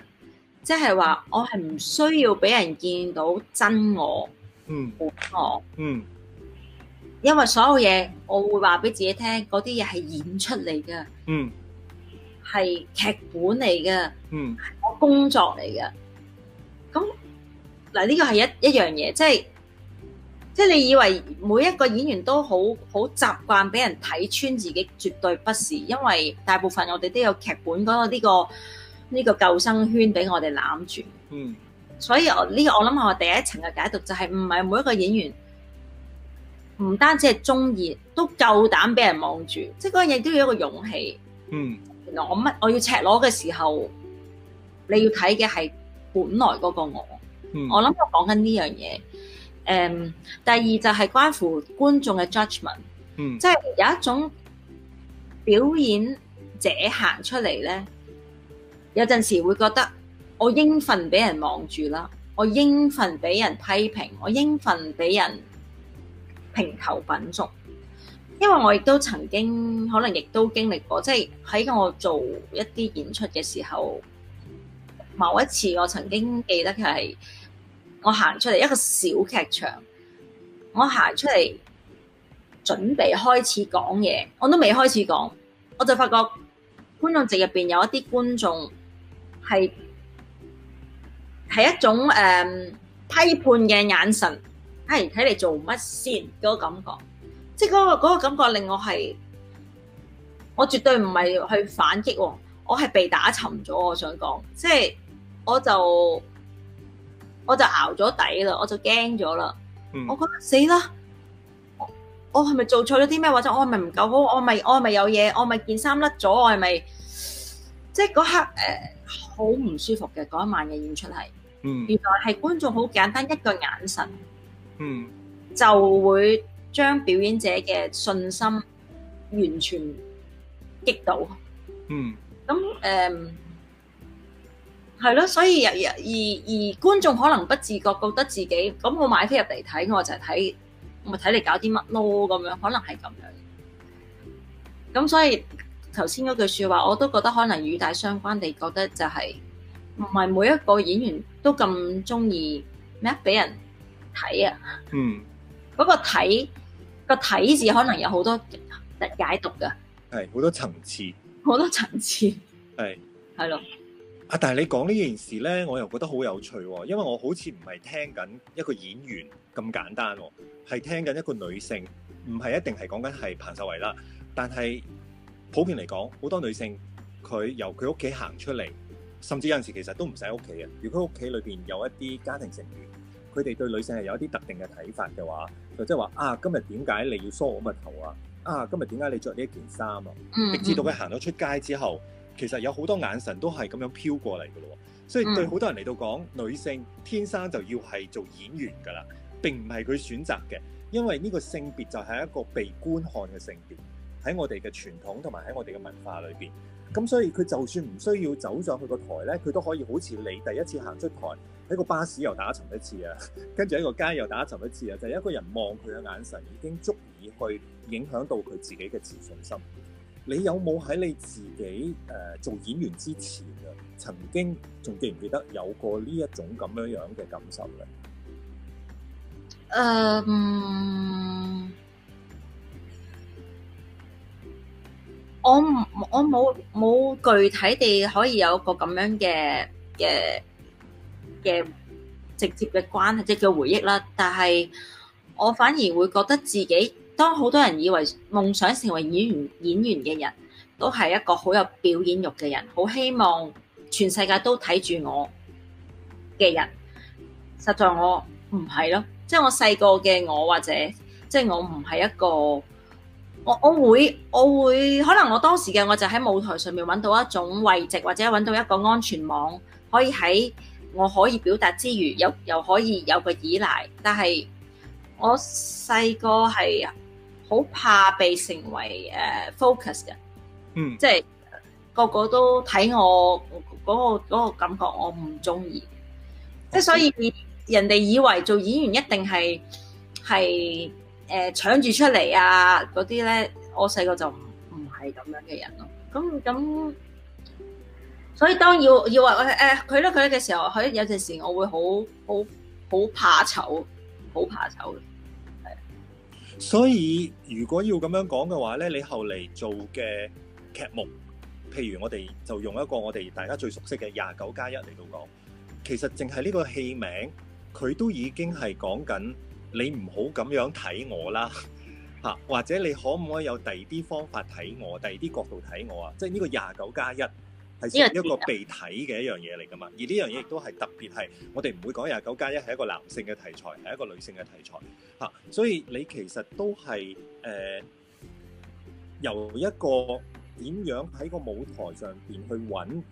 即係話我係唔需要俾人見到真我，嗯，本我，嗯，因為所有嘢我會話俾自己聽，嗰啲嘢係演出嚟嘅，嗯，係劇本嚟嘅，嗯，係我工作嚟嘅，咁嗱呢個係一一樣嘢，即係。即係你以為每一個演員都好好習慣俾人睇穿自己，絕對不是，因為大部分我哋都有劇本講到呢個呢個救生圈俾我哋攬住。嗯，所以我呢個我諗下我第一層嘅解讀就係唔係每一個演員唔單止係中意，都夠膽俾人望住，即係嗰樣嘢都要一個勇氣。嗯，原來我乜我要赤裸嘅時候，你要睇嘅係本來嗰個我。嗯，我諗我講緊呢樣嘢。誒，um, 第二就係關乎觀眾嘅 judgment，嗯，即係有一種表演者行出嚟咧，有陣時會覺得我應份俾人望住啦，我應份俾人批評，我應份俾人評頭品足，因為我亦都曾經可能亦都經歷過，即係喺我做一啲演出嘅時候，某一次我曾經記得佢係。我行出嚟一個小劇場，我行出嚟準備開始講嘢，我都未開始講，我就發覺觀眾席入邊有一啲觀眾係係一種誒、um, 批判嘅眼神，係睇嚟做乜先？嗰個感覺，即係嗰個嗰個感覺令我係我絕對唔係去反擊，我係被打沉咗。我想講，即係我就。我就熬咗底啦，我就驚咗啦。嗯、我覺得死啦！我我係咪做錯咗啲咩，或者我係咪唔夠好，我咪我係咪有嘢，我咪件衫甩咗，我係咪？即係嗰刻誒好唔舒服嘅嗰一晚嘅演出係，嗯、原來係觀眾好簡單一個眼神，嗯，就會將表演者嘅信心完全擊倒。嗯，咁誒。呃係咯，所以而而而而觀眾可能不自覺覺得自己咁，我買飛入嚟睇，我就係睇，我咪睇你搞啲乜咯咁樣，可能係咁樣。咁所以頭先嗰句説話，我都覺得可能與大相關語帶相關地覺得就係唔係每一個演員都咁鍾意咩畀人睇啊？嗯，嗰個睇個睇字可能有好多解解讀㗎，係好多層次，好多層次，係係咯。啊！但係你講呢件事呢，我又覺得好有趣喎，哦，因為我好似唔係聽緊一個演員咁簡單，哦，係聽緊一個女性，唔係一定係講緊係彭秀慧啦。但係普遍嚟講，好多女性佢由佢屋企行出嚟，甚至有陣時其實都唔使屋企嘅。如果屋企裏邊有一啲家庭成員，佢哋對女性係有一啲特定嘅睇法嘅話，就即係話啊，今日點解你要梳我嘅頭啊？啊，今日點解你着呢一件衫啊？嗯，嗯，直至到佢行咗出街之後。其實有好多眼神都係咁樣飄過嚟㗎咯，所以對好多人嚟到講，嗯、女性天生就要係做演員㗎啦，並唔係佢選擇嘅，因為呢個性別就係一個被觀看嘅性別，喺我哋嘅傳統同埋喺我哋嘅文化裏邊，咁所以佢就算唔需要走上去個台呢，佢都可以好似你第一次行出台，喺個巴士又打沉一次啊，跟住喺個街又打沉一次啊，就係一個人望佢嘅眼神已經足以去影響到佢自己嘅自信心。你有冇喺你自己誒做演員之前啊，曾經仲記唔記得有過呢一種咁樣樣嘅感受咧？誒，我我冇冇具體地可以有一個咁樣嘅嘅嘅直接嘅關係，即係叫回憶啦。但係我反而會覺得自己。當好多人以為夢想成為演員，演員嘅人都係一個好有表演欲嘅人，好希望全世界都睇住我嘅人，實在我唔係咯，即係我細個嘅我或者即係我唔係一個，我我會我會可能我當時嘅我就喺舞台上面揾到一種慰藉或者揾到一個安全網，可以喺我可以表達之餘，又又可以有個依賴，但係我細個係。好怕被成為誒 focus 嘅，嗯，即係個個都睇我嗰個嗰個感覺我，我唔中意，即係所以人哋以為做演員一定係係誒搶住出嚟啊嗰啲咧，我細個就唔唔係咁樣嘅人咯，咁咁，所以當要要話誒佢咧佢嘅時候，佢有陣時我會好好好怕醜，好怕醜。所以如果要咁樣講嘅話呢，你後嚟做嘅劇目，譬如我哋就用一個我哋大家最熟悉嘅廿九加一嚟到講，其實淨係呢個戲名，佢都已經係講緊你唔好咁樣睇我啦，嚇，或者你可唔可以有第二啲方法睇我，第二啲角度睇我啊？即係呢個廿九加一。1，係一個被睇嘅一樣嘢嚟㗎嘛，而呢樣嘢亦都係特別係，我哋唔會講廿九加一係一個男性嘅題材，係一個女性嘅題材嚇、啊。所以你其實都係誒、呃、由一個點樣喺個舞台上邊去揾誒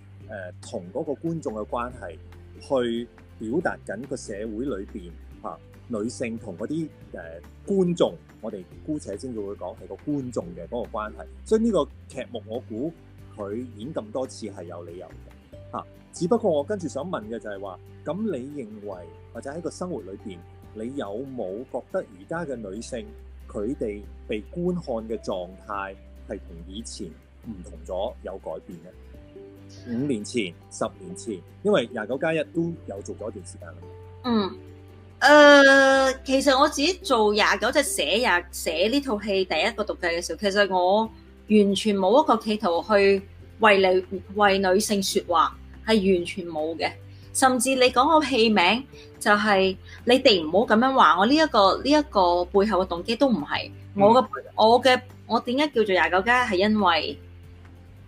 同嗰個觀眾嘅關係，去表達緊個社會裏邊嚇女性同嗰啲誒觀眾，我哋姑且先至會講係個觀眾嘅嗰個關係。所以呢個劇目我估。佢演咁多次係有理由嘅，嚇、啊！只不過我跟住想問嘅就係話，咁你認為或者喺個生活裏邊，你有冇覺得而家嘅女性佢哋被觀看嘅狀態係同以前唔同咗，有改變嘅？五年前、十年前，因為廿九加一都有做咗一段時間。嗯，誒、呃，其實我自己做廿九就寫呀寫呢套戲，第一個讀劇嘅時候，其實我。完全冇一個企圖去為女為女性說話，係完全冇嘅。甚至你講個戲名就係、是、你哋唔好咁樣話，我呢、這、一個呢一、這個背後嘅動機都唔係我嘅。我嘅我點解叫做廿九加一係因為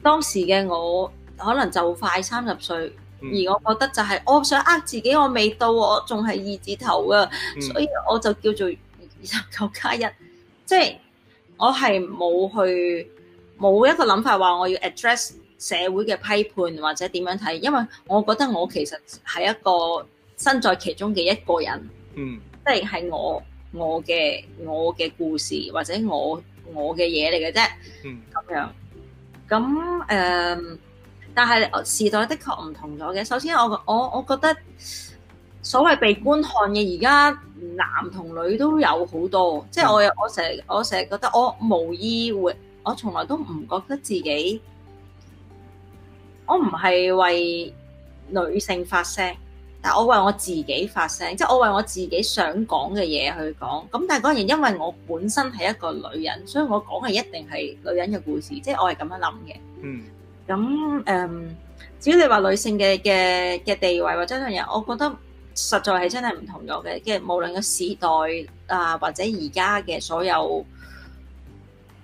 當時嘅我可能就快三十歲，而我覺得就係、是、我想呃自己，我未到，我仲係二字頭啊，所以我就叫做二十九加一，即係我係冇去。冇一個諗法話我要 address 社會嘅批判或者點樣睇，因為我覺得我其實係一個身在其中嘅一個人，嗯，即係我我嘅我嘅故事或者我我嘅嘢嚟嘅啫，嗯，咁樣，咁誒、呃，但係時代的確唔同咗嘅。首先我我我覺得所謂被觀看嘅而家男同女都有好多，即係我、嗯、我成日我成日覺得我無意會。我從來都唔覺得自己，我唔係為女性發聲，但我為我自己發聲，即係我為我自己想講嘅嘢去講。咁但係嗰樣嘢，因為我本身係一個女人，所以我講嘅一定係女人嘅故事，即係我係咁樣諗嘅。嗯，咁誒，至於你話女性嘅嘅嘅地位或者嗰樣嘢，我覺得實在係真係唔同咗嘅，即係無論個時代啊，或者而家嘅所有。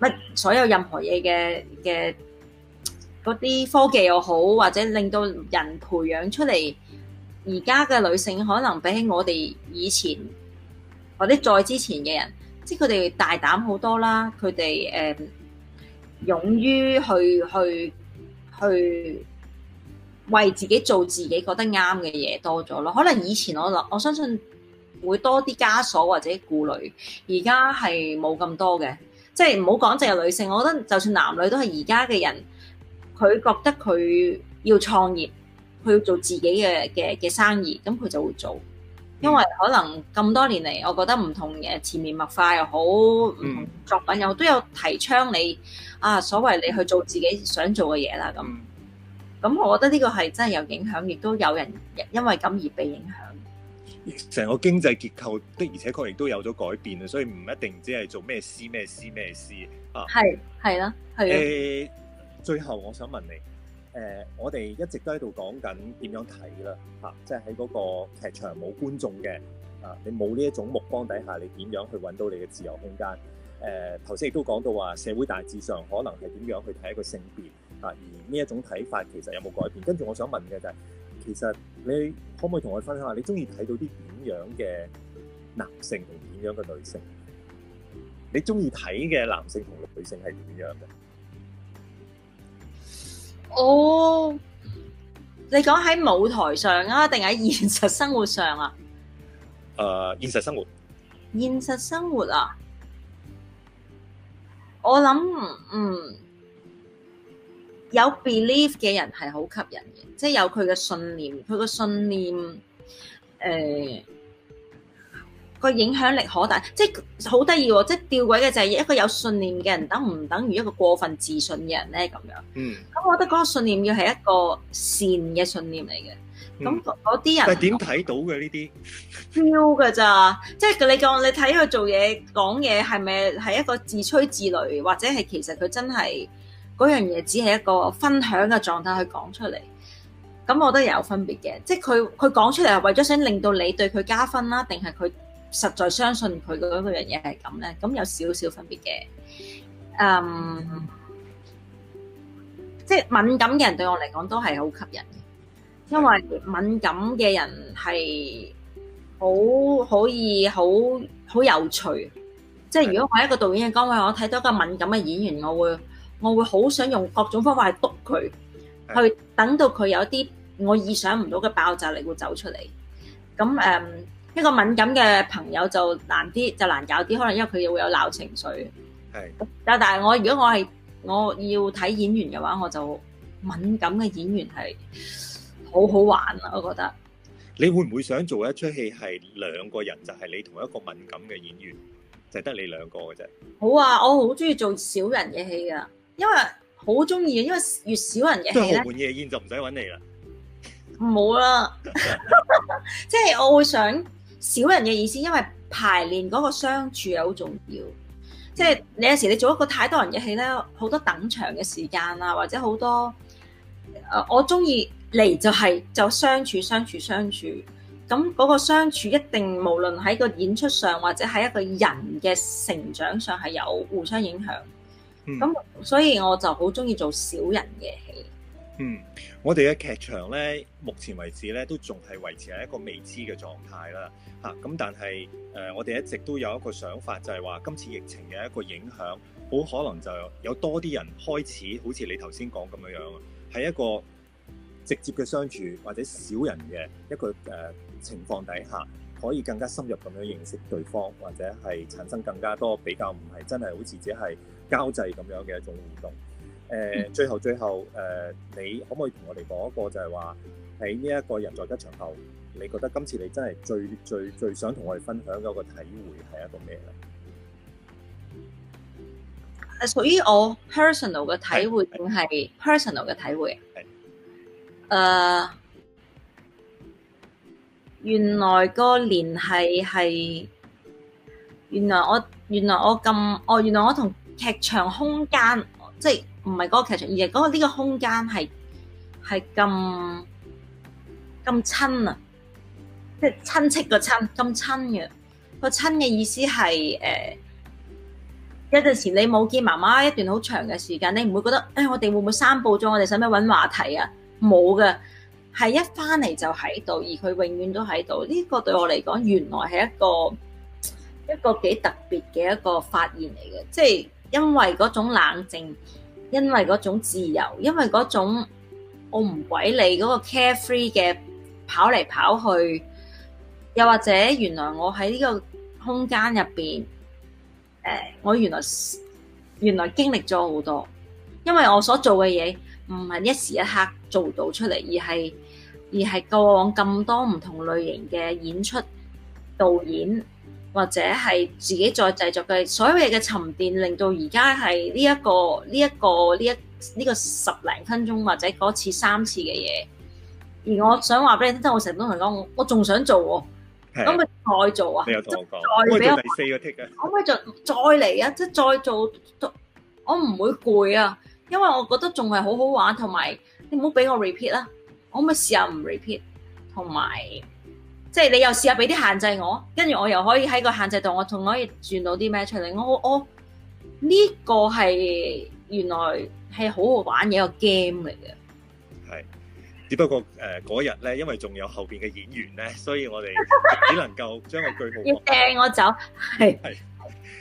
乜所有任何嘢嘅嘅嗰啲科技又好，或者令到人培養出嚟而家嘅女性，可能比起我哋以前或者再之前嘅人，即係佢哋大膽好多啦。佢哋誒勇於去去去為自己做自己覺得啱嘅嘢多咗咯。可能以前我我相信會多啲枷鎖或者顧慮，而家係冇咁多嘅。即係唔好講淨係女性，我覺得就算男女都係而家嘅人，佢覺得佢要創業，佢要做自己嘅嘅嘅生意，咁佢就會做。因為可能咁多年嚟，我覺得唔同嘅前面物化又好，唔同作品又都有提倡你啊，所謂你去做自己想做嘅嘢啦。咁咁，我覺得呢個係真係有影響，亦都有人因為咁而被影響。成個經濟結構的而且確亦都有咗改變啊！所以唔一定，只係做咩師咩師咩師啊。係係啦，係。誒、欸，最後我想問你，誒、呃，我哋一直都喺度講緊點樣睇啦，嚇、啊，即係喺嗰個劇場冇觀眾嘅，啊，你冇呢一種目光底下，你點樣去揾到你嘅自由空間？誒、啊，頭先亦都講到話社會大致上可能係點樣去睇一個性別啊，而呢一種睇法其實有冇改變？跟住我想問嘅就係、是。其實你可唔可以同我分享下，你中意睇到啲點樣嘅男性同點樣嘅女性？你中意睇嘅男性同女性係點樣嘅？哦，你講喺舞台上啊，定喺現實生活上啊？誒，現實生活。現實生活啊，我諗嗯。有 belief 嘅人係好吸引嘅，即係有佢嘅信念，佢嘅信念，誒、呃、個影響力可大，即係好得意喎！即係吊詭嘅就係一個有信念嘅人，等唔等於一個過分自信嘅人咧？咁樣，嗯，咁我覺得嗰個信念要係一個善嘅信念嚟嘅，咁嗰啲人但，但係點睇到嘅呢啲 feel 㗎咋？即係你講你睇佢做嘢講嘢係咪係一個自吹自擂，或者係其實佢真係？嗰樣嘢只係一個分享嘅狀態去講出嚟，咁我覺得有分別嘅，即係佢佢講出嚟係為咗想令到你對佢加分啦、啊，定係佢實在相信佢嗰嗰樣嘢係咁咧？咁有少少分別嘅，嗯、um，即係敏感嘅人對我嚟講都係好吸引嘅，因為敏感嘅人係好可以好好有趣。即係如果我喺一個導演嘅崗位，我睇到一個敏感嘅演員，我會。我會好想用各種方法去督佢，是的 去等到佢有一啲我意想唔到嘅爆炸力會走出嚟。咁誒、嗯、一個敏感嘅朋友就難啲，就難搞啲。可能因為佢又會有鬧情緒。係是的，但係我如果我係我要睇演員嘅話，我就敏感嘅演員係好好玩啊！我覺得你會唔會想做一出戲係兩個人就係，是、你同一個敏感嘅演員，就係得你兩個嘅啫。好啊，我好鍾意做少人嘅戲啊！因為好中意嘅，因為越少人嘅戲咧，歡喜夜宴就唔使搵你啦。唔好啦，即係 我會想少人嘅意思，因為排練嗰個相處又好重要。即、就、係、是、你有時你做一個太多人嘅戲咧，好多等場嘅時間啊，或者好多誒、呃，我中意嚟就係、是、就相處相處相處。咁嗰個相處一定無論喺個演出上，或者喺一個人嘅成長上，係有互相影響。咁、嗯、所以我就好中意做少人嘅戲。嗯，我哋嘅劇場呢，目前為止呢，都仲係維持喺一個未知嘅狀態啦。嚇、啊，咁但係誒、呃，我哋一直都有一個想法，就係、是、話今次疫情嘅一個影響，好可能就有多啲人開始，好似你頭先講咁樣樣，喺一個直接嘅相處或者少人嘅一個誒、呃、情況底下，可以更加深入咁樣認識對方，或者係產生更加多比較唔係真係好似只係。交際咁樣嘅一種互動。誒，最後最後誒、呃，你可唔可以同我哋講一個就，就係話喺呢一個人約吉場後，你覺得今次你真係最最最想同我哋分享嘅一個體會係一個咩咧？係屬於我 personal 嘅體會定係 personal 嘅體會？係誒的、呃，原來個聯繫係原來我原來我咁，哦，原來我同。劇場空間即係唔係嗰個劇場，而係嗰個呢個空間係係咁咁親啊！即係親戚親親個親咁親嘅個親嘅意思係誒、呃、有陣時你冇見媽媽一段好長嘅時間，你唔會覺得誒我哋會唔會生疏咗？我哋使咩使揾話題啊？冇嘅，係一翻嚟就喺度，而佢永遠都喺度。呢、呢個對我嚟講，原來係一個一個幾特別嘅一個發現嚟嘅，即係。因為嗰種冷靜，因為嗰種自由，因為嗰種我唔鬼理嗰個 carefree 嘅跑嚟跑去，又或者原來我喺呢個空間入邊，誒，我原來原來經歷咗好多，因為我所做嘅嘢唔係一時一刻做到出嚟，而係而係過往咁多唔同類型嘅演出導演，或者係自己再製作嘅，所有嘢嘅沉澱令到而家係呢一個呢一個呢一呢個十零分鐘或者嗰次三次嘅嘢。而我想話俾你聽，即係我成日都同人講，我仲想做喎、哦，咁咪的再做啊？你又同我講，第四個 ticket 可唔可以就再嚟啊？即係再做，都我唔會攰啊，因為我覺得仲係好好玩，同埋你唔好俾我 repeat 啊，我咪試下唔 repeat，同埋。即係你又試下俾啲限制我，跟住我又可以喺個限制度，我仲可以轉到啲咩出嚟？我我呢、哦呢個係原來係好好玩嘅一個 game 嚟嘅。係，只不過誒嗰日咧，因為仲有後邊嘅演員咧，所以我哋只能夠將個句號 要掟我走。係係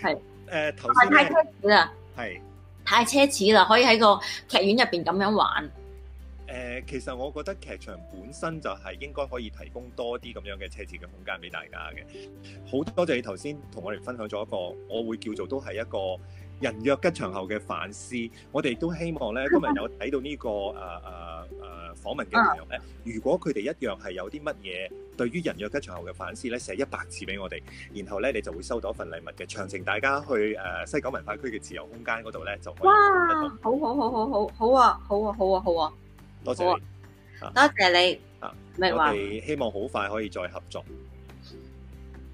係誒頭先太奢侈啦，係是太奢侈啦，可以喺個劇院入邊咁樣玩。誒，其實我覺得劇場本身就係應該可以提供多啲咁樣嘅奢侈嘅空間俾大家嘅。好多謝你頭先同我哋分享咗一個，我會叫做都係一個人約吉場後嘅反思。我哋都希望咧，今日有睇到呢個誒誒誒訪問嘅內容咧，如果佢哋一樣係有啲乜嘢對於人約吉場後嘅反思咧，寫一百字俾我哋，然後咧你就會收到一份禮物嘅。詳情大家去誒、啊、西九文化區嘅自由空間嗰度咧，就可以哇，好好好好好好啊，好啊，好啊，好啊！好啊。多謝你，多謝你，我哋希望好快可以再合作。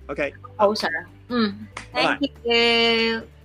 OK，好想，嗯，Thank you。